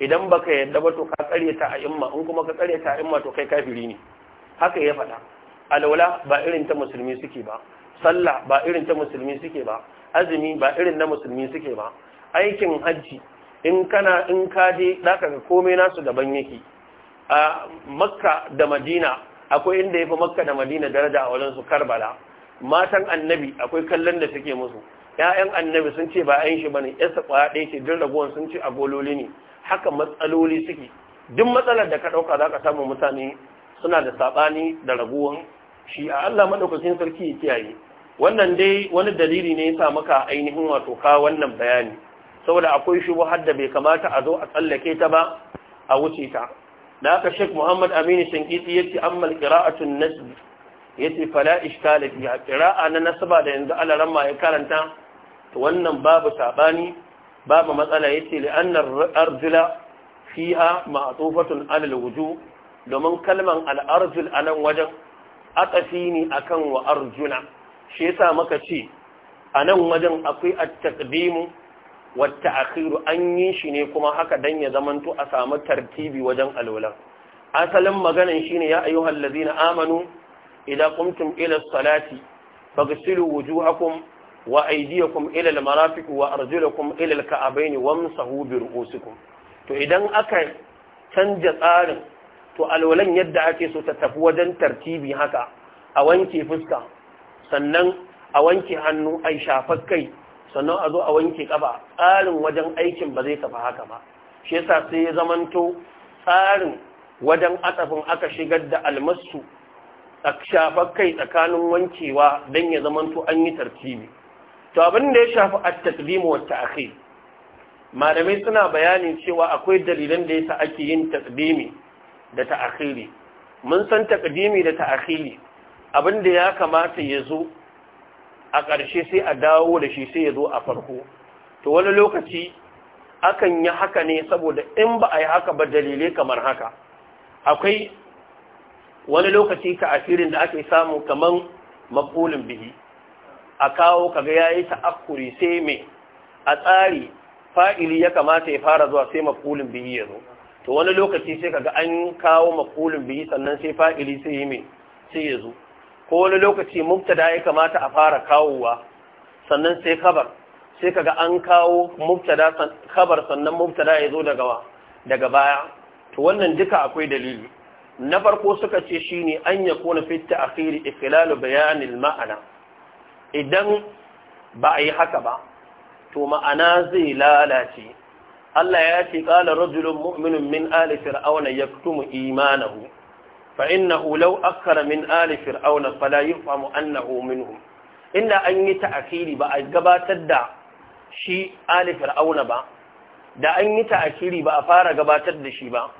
idan baka yadda ba to ka ta a imma in kuma ka ta a imma to kai kafiri ne haka ya faɗa alwala ba irin ta musulmi suke ba sallah ba irin ta musulmi suke ba azumi ba irin na musulmi suke ba aikin hajji in kana in ka je zaka ga komai nasu daban yake a makka da madina akwai inda ya fi makka da madina daraja a wajen su karbala matan annabi akwai kallon da suke musu ‘ya'yan annabi sun ce ba yin shi ba ne, ‘yasa ƙwaya ɗaya ce duk ragowar sun ce agololi ne, haka matsaloli suke, duk matsalar da ka ɗauka za ka samu mutane suna da saɓani da ragowar shi a Allah maɗaukacin sarki ya kiyaye. Wannan dai wani dalili ne ya sa maka ainihin wato ka wannan bayani, saboda akwai shi da bai kamata a zo a tsallake ta ba a wuce ta. Da haka Sheikh Muhammad Aminu Shankiti ya ce ammal qira'atun ya yace fala iskala fiha na nasaba da yanzu Allah ramma ya karanta wannan babu saɓani babu matsala yace li annar arjula fiha ma'tufatun alal wuju domin kalman al a nan wajen atafi ne akan wa arjuna shi yasa maka ce anan wajen akwai at-taqdimu wa ta'khiru an yi shi ne kuma haka dan ya zamanto a samu tartibi wajen alwala asalin maganan shine ya ayyuhal na amanu idza qumtum ila as-salati faghsilu wujuhakum wa aydiyakum ila al-marafiq wa arjulakum ila al-ka'bayn wamsahu bi ru'usikum to idan aka canja tsarin to alwalan yadda ake so ta tafi wajen tartibi haka a wanke fuska sannan a wanke hannu a shafar kai sannan a zo a wanke kafa tsarin wajen aikin ba zai tafi haka ba shi yasa sai ya zamanto tsarin wajen atafin aka shigar da almasu a shafar kai tsakanin wankewa don ya zamanto an yi tartibi to abin da ya shafi at-taqdimu wa ta'khir malamai suna bayanin cewa akwai dalilan da yasa ake yin taqdimi da ta'khiri mun san taqdimi da ta'khiri abin da ya kamata ya zo a ƙarshe sai a dawo da shi sai ya zo a farko to wani lokaci akan yi haka ne saboda in ba a yi haka ba dalilai kamar haka akwai wani lokaci ta asirin da ake samu kamar makulin bihi a kawo kaga ya yi ta'akuri sai me a tsari fa'ili ya kamata ya fara zuwa sai mafulin bihi ya zo to wani lokaci sai kaga an kawo mafulin bihi sannan sai fa'ili sai yi me sai ya zo ko wani lokaci mubtada ya kamata a fara kawowa sannan sai khabar sai kaga an kawo mubtada khabar sannan mubtada ya zo daga daga baya to wannan duka akwai dalili na farko suka ce shine an yakuna fi ta'khiri ikhlalu bayanil ma'ana idan ba a yi haka ba to ma'ana zai lalace Allah ya ce qala rajulun mu'minun min ali fir'auna yaktumu imanahu fa innahu law akara min ali fir'auna fala yufamu annahu minhum inda an yi ta'khiri ba a gabatar da shi ali fir'auna ba da an yi ta'khiri ba a fara gabatar da shi ba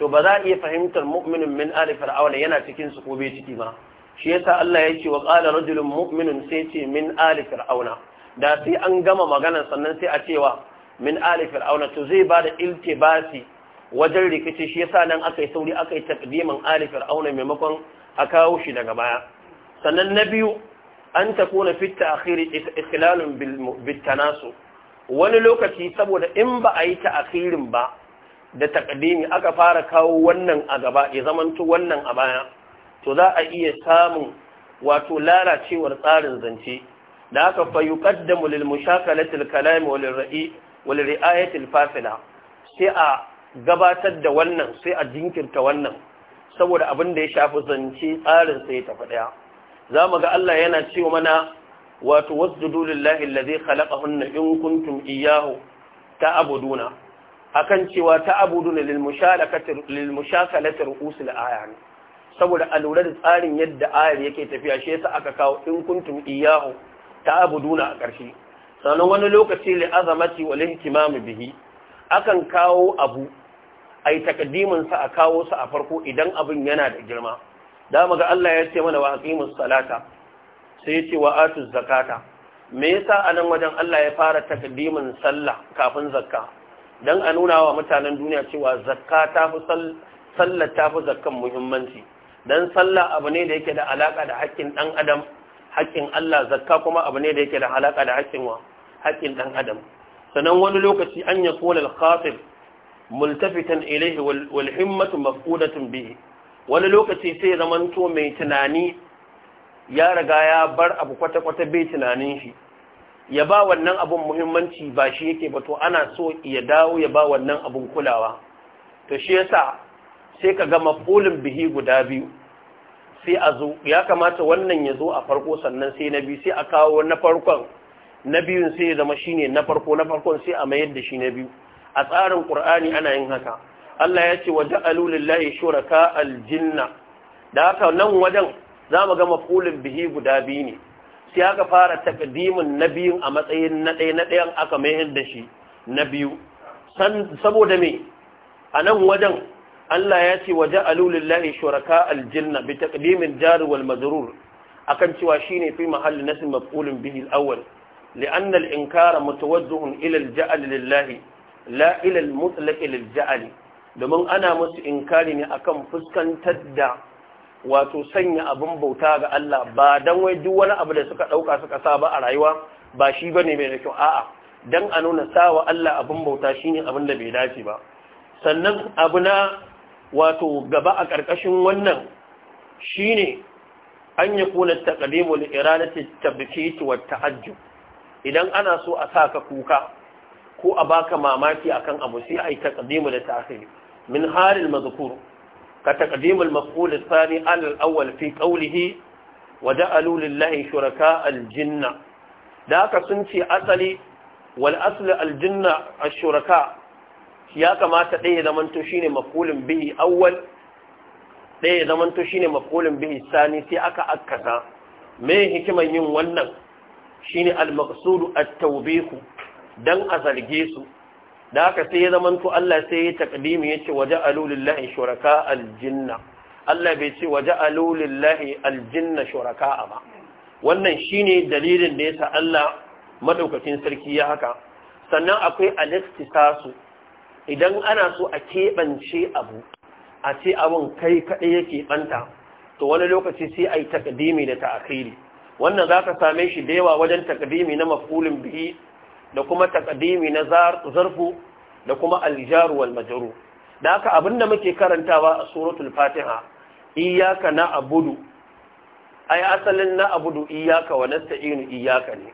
to ba za a iya fahimtar mu'minun min ali fir'auna yana cikin su ko bai ciki ba shi yasa Allah ya ce wa qala rajulun mu'minun sai ce min ali fir'auna da sai an gama maganar sannan sai a cewa min ali fir'auna to zai bada iltibasi wajen rikici shi yasa nan aka yi sauri aka yi takdimin ali fir'auna maimakon a kawo shi daga baya sannan na biyu an ta kona fitta akhiri ikhlalun bil tanasu wani lokaci saboda in ba a yi ta ba da takdimi aka fara kawo wannan a gaba ya zamanto wannan a baya to za a iya samun wato lalacewar tsarin zance da aka fa yuqaddamu lil mushakalatil wal ra'i wal fasila sai a gabatar da wannan sai a jinkirta wannan saboda abin da ya shafi zance tsarin sai ya tafi daya zamu ga Allah yana cewa mana wato wasjudu lillahi allazi khalaqahunna in kuntum iyyahu ta'buduna akan cewa ta'buduna lil mushalakati usul mushakalati ru'usil saboda a lura da tsarin yadda ayar yake tafiya shi yasa aka kawo in kuntum iyahu ta'buduna a ƙarshe sannan wani lokaci li azamati wal ihtimam bihi akan kawo abu ai takaddimin sa a kawo sa a farko idan abin yana da girma da muga Allah ya ce mana wa aqimus salata sai ya ce wa atuz zakata me yasa anan wajen Allah ya fara takaddimin sallah kafin zakka dan a nuna wa mutanen duniya cewa zakka ta fi sallah ta fi zakkan muhimmanci dan sallah abu ne da yake da alaka da haƙƙin ɗan adam haƙƙin Allah zakka kuma abu ne da yake da alaka da haƙƙin wa haƙƙin ɗan adam sanan wani lokaci an ya kula al-khatib multafitan ilayhi wal himmatu mafqudatun bihi wani lokaci sai zamanto mai tunani ya riga ya bar abu kwata-kwata bai tunanin shi ya ba wannan abun muhimmanci ba shi yake ba to ana so ya dawo ya ba wannan abun kulawa to shi yasa sai ka ga maf'ulin bihi guda biyu sai a zo ya kamata wannan ya zo a farko sannan sai na biyu sai a kawo na farkon na biyun sai ya zama shine na farko na farkon sai a mayar da shi na biyu a tsarin ƙur'ani ana yin haka Allah ya ce waja'alu shura shuraka aljinna da haka nan wajen za mu gama maf'ulin bihi guda biyu ne sai aka fara takadimin na biyun a matsayin na ɗaya na ɗayan aka mayar da shi na biyu saboda me a nan wajen Allah ya ce waje alulillahi shuraka aljanna bi taqdimil jar wal majrur akan cewa shine fi mahalli nasb mafulin bihi al-awwal لأن الإنكار متوجه إلى الجعل لله لا إلى المطلق للجعل domin ana musu inkari ne akan fuskantar da wato sanya abin bauta ga Allah ba dan wai duk wani abu da suka dauka suka sa ba a rayuwa ba shi bane mai kyau a'a dan a nuna sawa Allah abin bauta shine abin da bai dace ba sannan abu na wato gaba a ƙarƙashin wannan shine an yi kuna taƙadimu li'iranati tabbikiti wa ta'ajju idan ana so a sa ka kuka ko a baka mamaki akan abu sai a yi taƙadimu da ta'asiri min halin mazukur ka taƙadimu al Sani alal awwal fi ƙaulihi wa ja'alu lillahi shuraka al-jinna da haka sun ce asali wal asl al-jinna shuraka ya kamata ɗaya zamanto ne maf'ulun bihi awwal ɗaya zamanto ne maf'ulun bihi sani sai aka akkata. me hikiman yin wannan shine al-maqsudu at-tawbihu dan a zarge su da haka sai ya zamanto Allah sai ya taqdimi yace waja'alu lillahi shuraka al-jinna Allah bai ce waje lillahi al-jinna shuraka ba wannan shi ne dalilin da ya sa Allah madaukakin sarki ya haka sannan akwai al-ikhtisasu idan ana so a keɓance abu a ce abin kai kaɗai yake ɓanta to wani lokaci sai a yi takadimi da ta'akiri wannan za ka same shi da yawa wajen takadimi na mafulin bihi da kuma takadimi na zarfu da kuma aljaru wal majaru da haka da muke karantawa a suratul fatiha iyaka na abudu ai asalin na abudu iyaka wa nasta'inu iyaka ne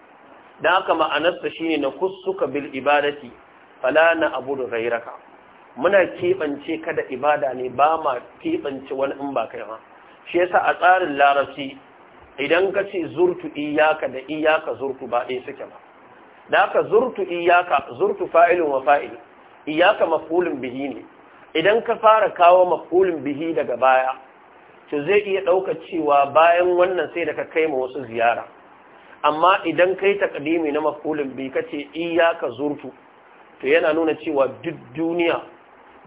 da haka ma'anarsa shine na kussuka bil ibadati Falana na abu da gairaka muna keɓance kada ibada ne ba ma keɓance wani in ba kai ma shi yasa a tsarin larabci idan ka ce zurtu iyaka da iyaka zurtu ba ɗaya suke ba da ka zurtu iyaka zurtu fa'ilun wa fa'il iyaka maf'ulun bihi ne idan ka fara kawo mafulin bihi daga baya to zai iya ɗaukar cewa bayan wannan sai da ka kai ma wasu ziyara amma idan kai takadimi na maf'ulun ka kace iyaka zurtu to yana nuna cewa duk duniya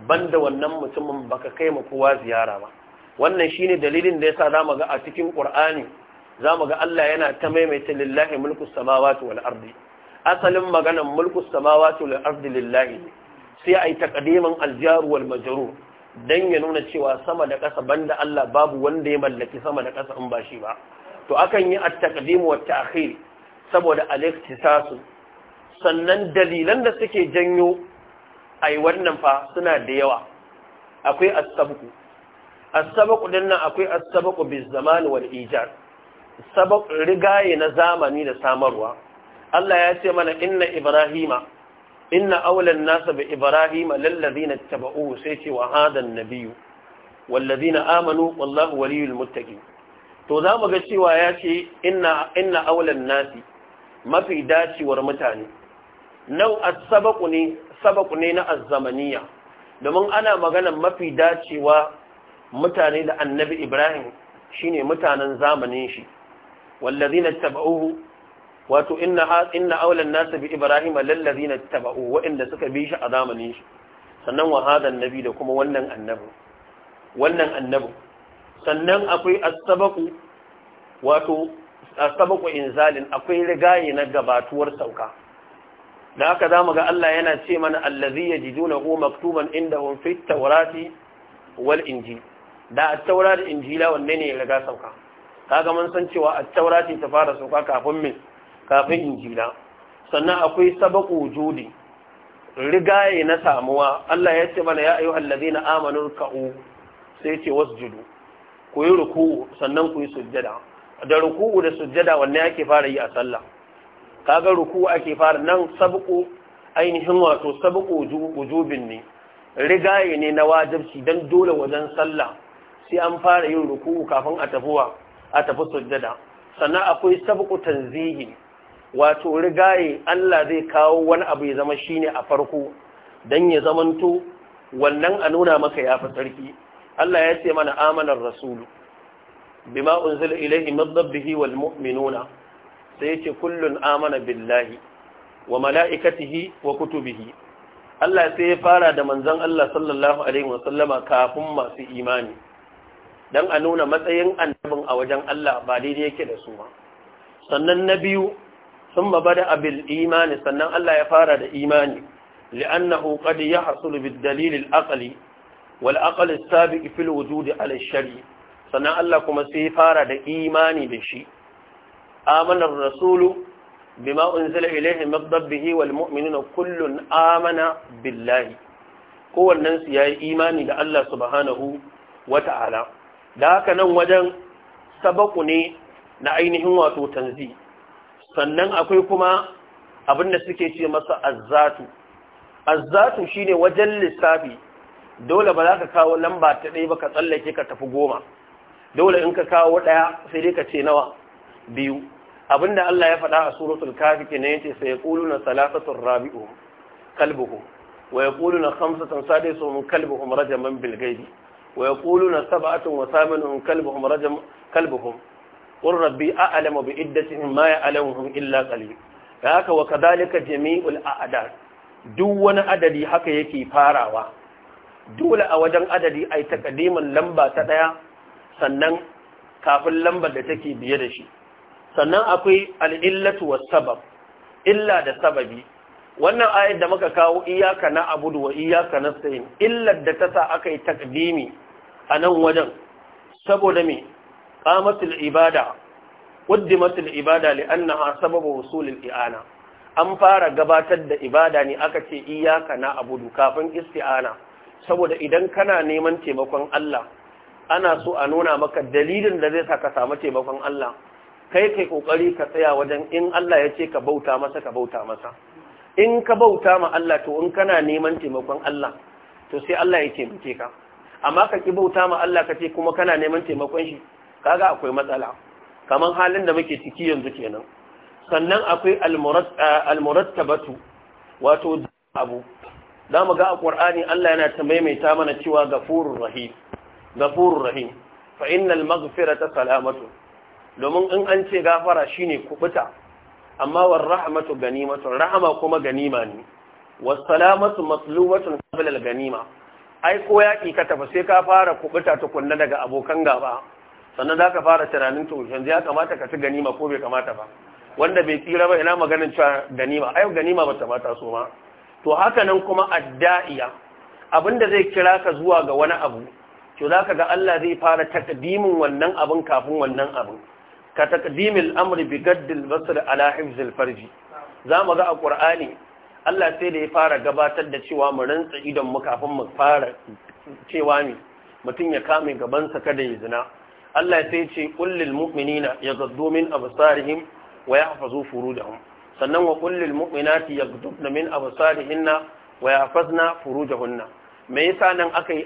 banda wannan mutumin baka kai ma kowa ziyara ba wannan shine dalilin da yasa zamu ga a cikin Qur'ani zamu ga Allah yana ta maimaita lillahi mulku samawati wal ardi asalin maganan mulku samawati wal ardi lillahi sai ai taqdiman al jar wal majrur dan ya nuna cewa sama da ƙasa banda Allah babu wanda ya mallaki sama da ƙasa in ba shi ba to akan yi at-taqdim wa takhir saboda al sannan dalilan da suke janyo yi wannan fa suna da yawa akwai as-sabqu as nan akwai as-sabqu biz wal-ijad sabaq rigaye na zamani da samarwa Allah ya ce mana inna ibrahima inna awlan nas bi ibrahima lallazina tabauhu sai ce wa hadan nabiyyu wallazina amanu wallahu waliyul muttaqin to za mu ga cewa ya ce inna awlan nasi mafi dacewar mutane nau as ne sabaku ne na azzamaniya domin ana magana mafi dacewa mutane da annabi ibrahim shine mutanen zamanin shi wallazina tabauhu wato inna inna aulan nasu bi ibrahim lallazina tabauhu wa'inda suka bi shi a zamanin shi sannan wa hada annabi da kuma wannan annabi wannan annabi sannan akwai as wato as-sabaqu inzalin akwai rigaye na gabatuwar sauka da haka za mu ga Allah yana ce mana allazi ya ji juna ko maktuban inda hun fi taurati wal inji da a taura da injila wanne ne ya riga sauka kaga mun san cewa a taurati ta fara sauka kafin min kafin injila sannan akwai sabaku judi rigaye na samuwa Allah ya ce mana ya ayu allazina amanu ka'u sai ce wasjudu ku yi ruku sannan ku yi sujjada da ruku da sujjada wanne yake fara yi a sallah kaga ruku ake fara nan sabqu ainihin wato sabqu wujubin ne rigaye ne na wajibci dan dole wajen sallah sai an fara yin ruku kafin a tafuwa a tafi sujjada sannan akwai sabqu tanzihi wato rigaye Allah zai kawo wani abu ya zama shine a farko dan ya zamanto wannan a nuna maka ya fi sarki Allah ya ce mana amanar rasulu bima unzila ilayhi min rabbihi wal mu'minuna sai yace kullun amana billahi wa mala'ikatihi wa kutubihi Allah sai ya fara da manzon Allah sallallahu alaihi wa sallama kafin masu imani dan a nuna matsayin annabin a wajen Allah ba daidai yake da su ba sannan na biyu sun da abil imani sannan Allah ya fara da imani لأنه قد يحصل بالدليل الأقلي والأقل السابق في الوجود على الشري sannan Allah kuma sai fara da imani da shi amanar rasulu bima unzila ilaihi mabdabbihi wal mu'minuna kullun amana billahi kowannen su yayi imani da Allah subhanahu wata'ala da haka nan wajen sabaku ne na ainihin wato tanzi sannan akwai kuma abin da suke ce masa Azatu azzatu shine wajen lissafi dole ba za ka kawo lamba ta ɗaya ba ka tsallake ka tafi goma dole in ka kawo ɗaya sai dai ka ce nawa biyu abinda Allah ya faɗa a suratul kafi kenan yace sai yaquluna salatatun rabi'u kalbuhum wa yaquluna khamsatun sadisuhum kalbuhum rajaman bil ghaibi wa na sab'atun wa thaminuhum kalbuhum rajam kalbuhum qur rabbi a'lamu bi iddatihim ma ya'lamuhum illa qalil haka wa kadhalika jami'ul a'dad duk wani adadi haka yake farawa dole a wajen adadi ai takadimin lamba ta daya sannan kafin lambar da take biye da shi sannan akwai al'illatu wa sabab illa da sababi wannan ayar da muka kawo iyaka na abudu wa iyaka na sayin illar da ta sa aka yi takdimi a nan wajen saboda mai qamatul ibada matul ibada li'annaha sababa wusulil i'ana an fara gabatar da ibada ne aka ce iyaka na abudu kafin isti'ana saboda idan kana neman taimakon Allah ana so a nuna maka dalilin da zai sa ka samu taimakon Allah kai kai kokari ka tsaya wajen in Allah ya ce ka bauta masa ka bauta masa in ka bauta ma Allah to in kana neman taimakon Allah to sai Allah ya taimake ka amma ka ki bauta ma Allah ka ce kuma kana neman taimakon shi kaga akwai matsala kaman halin da muke ciki yanzu kenan sannan akwai eh, almurattabatu wato abu za mu ga a Allah yana ta maimaita mana cewa gafurur rahim gafurur rahim fa innal maghfirata salamatu domin in an ce gafara shine kubuta amma war rahmatu ganimatu rahama kuma ganima ne was salamatu matlubatun qabla al ganima ai ko yaki ka tafi sai ka fara kubuta tukunna daga abokan gaba sannan zaka fara tunanin to yanzu ya kamata ka ci ganima ko bai kamata ba wanda bai tsira ba ina maganin cewa ganima ai ganima ta mata so ma to haka nan kuma adda'iya abinda zai kira ka zuwa ga wani abu to zaka ga Allah zai fara takdimin wannan abin kafin wannan abin ka taqdimil amri bi gaddil basr ala hifzil farji zamu ga a qur'ani Allah sai da ya fara gabatar da cewa mu rantsa idan mu kafin mu fara cewa ne mutum ya kame gabansa kada ya zina Allah sai ya ce kullil mu'minina yaghuddu min absarihim wa yahfazu furujahum sannan wa kullil mu'minati yaghdubna min absarihinna wa yahfazna furujahunna me yasa nan akai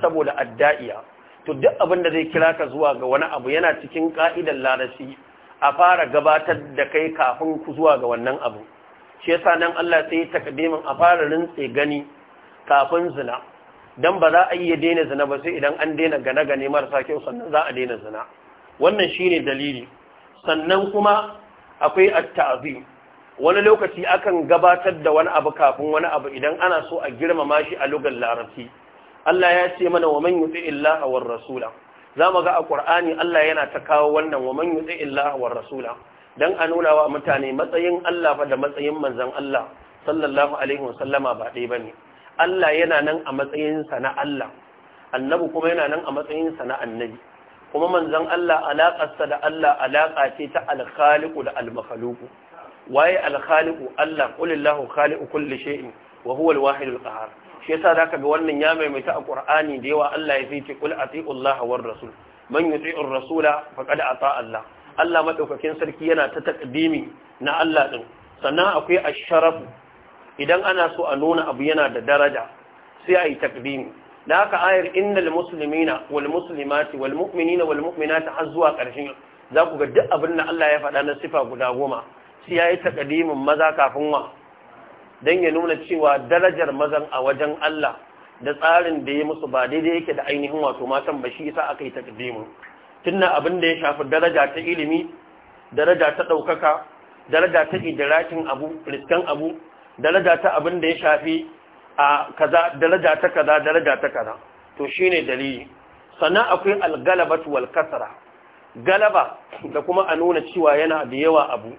saboda adda'iya to duk abin da zai kira ka zuwa ga wani abu yana cikin ka'idar larasi a fara gabatar da kai kafin ku zuwa ga wannan abu shi yasa nan Allah sai takaddimin a fara rintse gani kafin zina dan ba za a iya daina zina ba sai idan an daina gane gane marasa kyau sannan za a daina zina wannan shine dalili sannan kuma akwai at-ta'zim wani lokaci akan gabatar da wani abu kafin wani abu idan ana so a girmama shi a lugar Larasi. Allah ya ce mana wa man yuti illaha war rasula za mu ga a Qur'ani Allah yana ta kawo wannan wa man yuti illaha war rasula dan a nuna wa mutane matsayin Allah fa da matsayin manzon Allah sallallahu alaihi wasallama ba dai bane Allah yana nan a matsayin sa na Allah annabi kuma yana nan a matsayin sa na annabi kuma manzon Allah alaƙarsa da Allah alaƙa ce ta alkhaliqu da almakhluqu waye alkhaliqu Allah qulillahu khaliqu kulli shay'in wa huwa alwahidul qahhar shi yasa zaka ga wannan ya maimaita a Qur'ani da yawa Allah ya fice kul ati'u Allah war rasul man yuti'ur rasula faqad ata Allah Allah madaukakin sarki yana ta takdimi na Allah din sannan akwai asharaf idan ana so a nuna abu yana da daraja sai ayi takdimi da haka ayar innal muslimina wal muslimati wal mu'minina wal mu'minati har zuwa ƙarshen za ku ga duk abin da Allah ya faɗa na sifa guda goma sai ya yi takadimin maza kafin wa don ya nuna cewa darajar mazan a wajen Allah da tsarin da ya musu ba daidai yake da ainihin wato matan ba shi yasa aka yi takdimu tunna abin da ya shafi daraja ta ilimi daraja ta daukaka daraja ta idrakin abu riskan abu daraja ta abin da ya shafi a kaza daraja ta kaza daraja ta kaza to shine dalili sannan akwai algalabatu wal kasra galaba da kuma a nuna cewa yana da yawa abu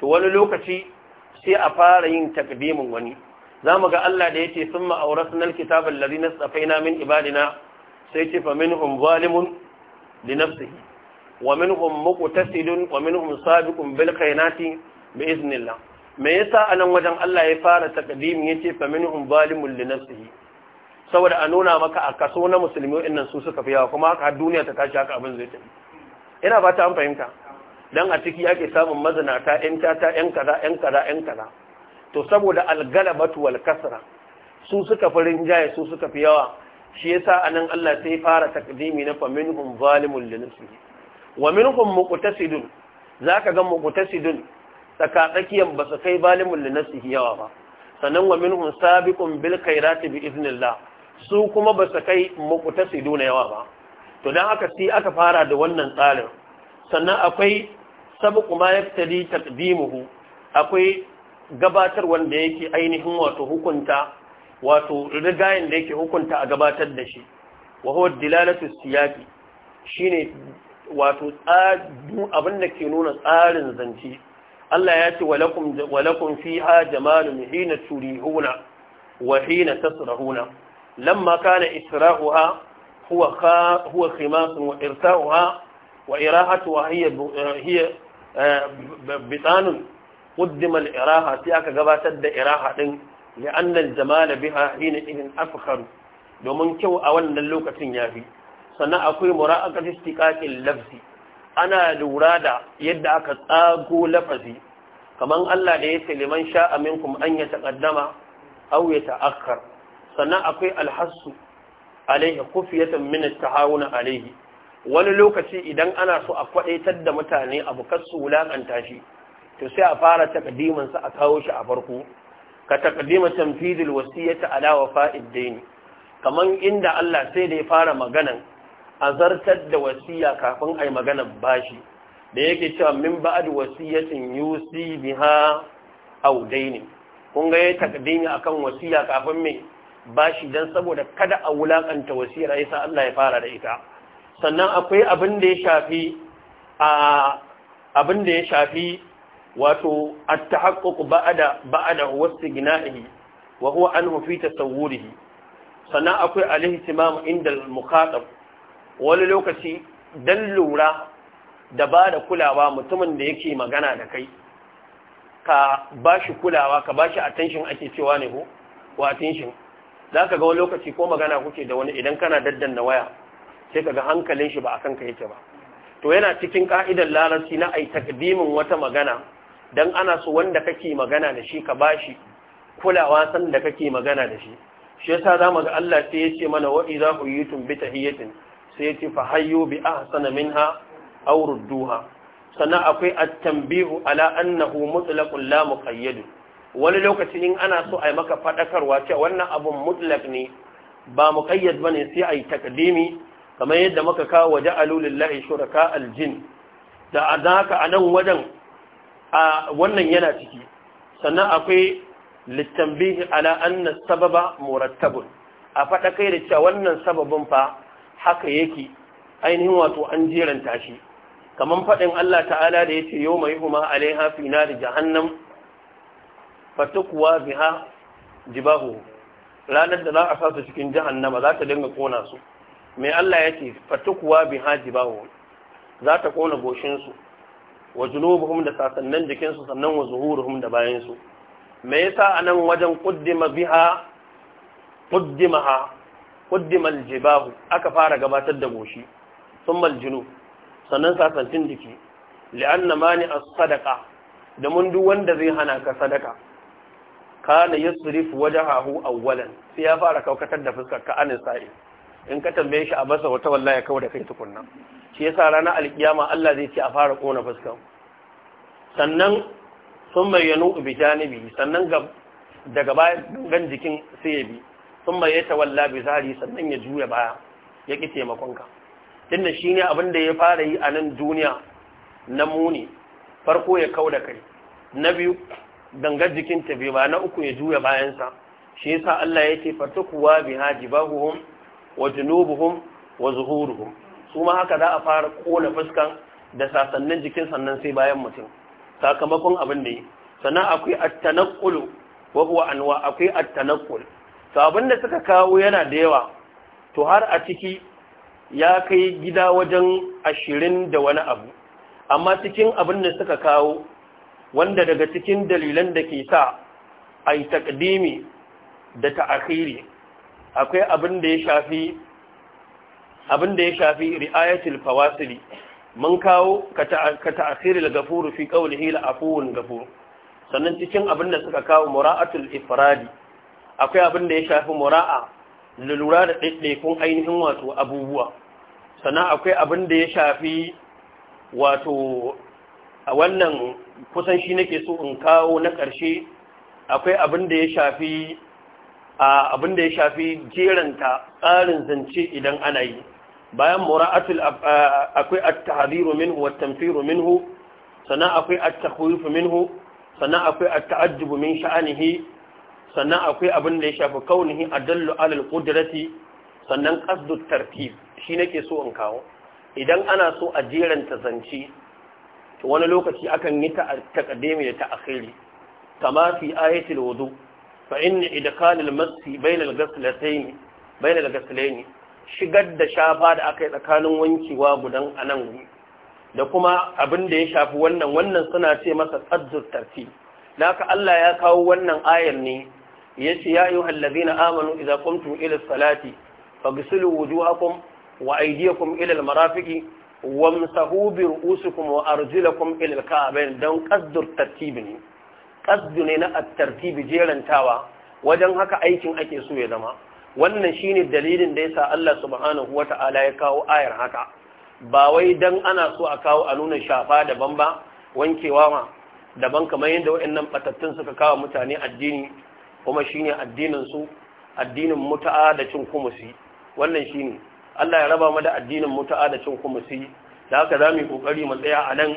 to wani lokaci sai a fara yin takdimin wani za mu ga Allah da ya ce sun ma'auras na alkitabar larinas na min ibadina sai ce fa min hum zalimun li wa min hum muqtasidun wa min hum sabiqun bil bi iznillah me yasa anan wajen Allah ya fara ya ce fa min hum zalimun li saboda a nuna maka a kaso na musulmi wa'annan su suka fi yawa kuma haka duniya ta tashi haka abin zai tafi ina ba ta an fahimta dan a ciki ake samun mazinata yan tata yan kaza yan kaza yan kaza to saboda algalabatu wal kasra su suka fi rinjaye su suka fi yawa shi yasa anan Allah sai fara takdimi na faminhum zalimun li wa minhum muqtasidun zaka ga muqtasidun tsaka tsakiyan ba su kai zalimun li nafsihi yawa ba sannan wa minhum sabiqun bil khairati bi idnillah su kuma ba su kai muqtasiduna yawa ba to dan haka sai aka fara da wannan tsarin sannan akwai sabu ma yaftadi taqdimuhu akwai gabatar wanda yake ainihin wato hukunta wato rigayen da yake hukunta a gabatar da shi wa huwa dilalatu siyaqi shine wato abin da ke nuna tsarin zance Allah ya ce walakum fiha jamalun hina turihuna wa hina tasrahuna lamma kana isra'uha huwa huwa khimasun wa irta'uha wa irahatu hiya hiya Eh, bitsanin kuddimal iraha sai aka gabatar da iraha din ya annal jamala biha hina idin afkharu domin kyau a wannan lokacin yafi sannan akwai mura'aqat istiqaqil lafzi ana lura da yadda aka tsago lafazi kaman Allah da yake liman sha'a minkum an yataqaddama aw yata'akhkhar sannan akwai alhasu alaihi kufiyatan min at-tahawun alaihi wani lokaci idan ana so a kwadaitar da mutane abu kasu wulakanta shi to sai a fara takadimin sa a kawo shi a farko ka takadima tanfidil wasiyata ala wafa'id dayn kaman inda Allah sai da ya fara maganan azartar da wasiya kafin ai magana bashi da yake cewa min ba'd wasiyatin yusi biha aw dayn kun ga takadimi akan wasiya kafin me bashi dan saboda kada a wulakanta wasiyar sai Allah ya fara da ita sannan akwai abin da ya shafi a abin da ya shafi wato at-tahaqquq ba'da ba'da wastighna'ihi wa huwa annahu fi tasawwurihi sannan akwai al-ihtimam inda al-muqatab wani lokaci dan lura da ba da kulawa mutumin da yake magana da kai ka ba shi kulawa ka ba shi attention ake cewa ne ko wa attention za ga wani lokaci ko magana kuke da wani idan kana daddan waya sai ga hankalin shi ba kan ka yake ba to yana cikin ka'idar lararci na ai takdimin wata magana dan ana so wanda kake magana da shi ka bashi kulawa san da kake magana da shi shi yasa zamu ga Allah sai ya ce mana wa idza huyitum bi tahiyatin sai ya ce fa hayyu bi ahsana minha aw rudduha sannan akwai at-tanbihu ala annahu mutlaqun la muqayyad wani lokaci in ana so ai maka fadakarwa cewa wannan abun mutlaq ne ba muqayyad bane sai ai takdimi kamar yadda muka kawo waje alulillahi shuraka aljin da a haka a nan wajen a wannan yana ciki sannan akwai littambihi ala anna sababa murattabun a faɗa kai da cewa wannan sababin fa haka yake ainihin wato an jeranta shi kamar faɗin Allah ta'ala da yace yau mai huma alaiha fi da jahannan fatukuwa biha jibahu ranar da za a sa su cikin jahannama za ta dinga kona su mai Allah ya ce fatukuwa bi haji bawo za ta kona goshinsu wa junubuhum da sasannan jikinsu sannan wa zuhuruhum da bayansu me yasa anan wajen quddima biha quddimaha quddima aljibahu aka fara gabatar da goshi thumma aljunub sannan sasantin jiki li'anna mani as-sadaqa da mun duk wanda zai hana ka sadaka kana hahu a awwalan sai ya fara kaukatar da fuskar ka anin sa'i in ka tambaye shi a masa wata wallahi ya kawo da kai tukunna shi yasa ranar alkiyama Allah zai ce a fara kona fuskan sannan sun mai yanu bi janibi sannan daga bayan gan jikin sai ya bi sun mai ya tawalla bi zari sannan ya juya baya ya ki ka tunda shi ne abin da ya fara yi a nan duniya na muni farko ya kau da kai na biyu gangar jikin ta ba na uku ya juya bayansa shi yasa Allah ya ce fatakuwa bi hajibahum wa junubuhum wa zuhuruhum su ma haka za a fara kona fuskan da sasannin jikin sannan sai bayan mutum sakamakon abin da yi sannan akwai at wa huwa anwa akwai at-tanaqqul to abin da suka kawo yana da yawa to har a ciki ya kai gida wajen ashirin da wani abu amma cikin abin da suka kawo wanda daga cikin dalilan da ke sa a yi takdimi da ta'akhiri akwai abin da ya shafi abin da ya shafi ri'ayatul fawasili mun kawo ka ta'asirin gafuru fi qawlihi al-afuwun ghafur sannan cikin abin da suka kawo mura'atul ifradi akwai abin da ya shafi mura'a lura da ɗaiɗaikun ainihin wato abubuwa sannan akwai abin da ya shafi wato a wannan kusan shi nake so in kawo na ƙarshe akwai abin da ya shafi abin da ya shafi jeranta ƙarin zance idan ana yi bayan mura'atul akwai at-tahdhiru minhu wat-tanfiru minhu sannan akwai at-takhwif minhu sannan akwai at-ta'ajjub min sha'anihi sannan akwai abin da ya shafi kaunihi adallu alal qudrati sannan qasdu tartib shi nake so in kawo idan ana so a jeranta zance wani lokaci akan yi ta taqdimi da ta'khiri kama fi ayatul wudu' fa إدخال idkhalil بين الغسلتين بين الغسلين shigar da shafa da aka yi tsakanin wankewa gudan anan da kuma abin da ya shafi wannan wannan suna ce masa tsaddur tarti naka Allah ya kawo wannan ayar ne ya ce ya ayyuhal na amanu idza qumtum ila salati faghsilu wujuhakum wa aydiyakum ila al marafiqi wamsahu bi ru'usikum wa arjulakum ila al ka'bayn dan qaddur tartib ne kasdu ne na at jerantawa wajen haka aikin ake so ya zama wannan shine dalilin da yasa Allah subhanahu wata'ala ya kawo ayar haka ba wai dan ana so a kawo a nuna shafa daban ba wankewa ma daban kamar yadda waɗannan batattun suka kawo mutane addini kuma shine addinin su addinin muta'a da cin wannan shine Allah ya raba mu da addinin muta'a da cin kumusi da haka zamu yi kokari mu tsaya a nan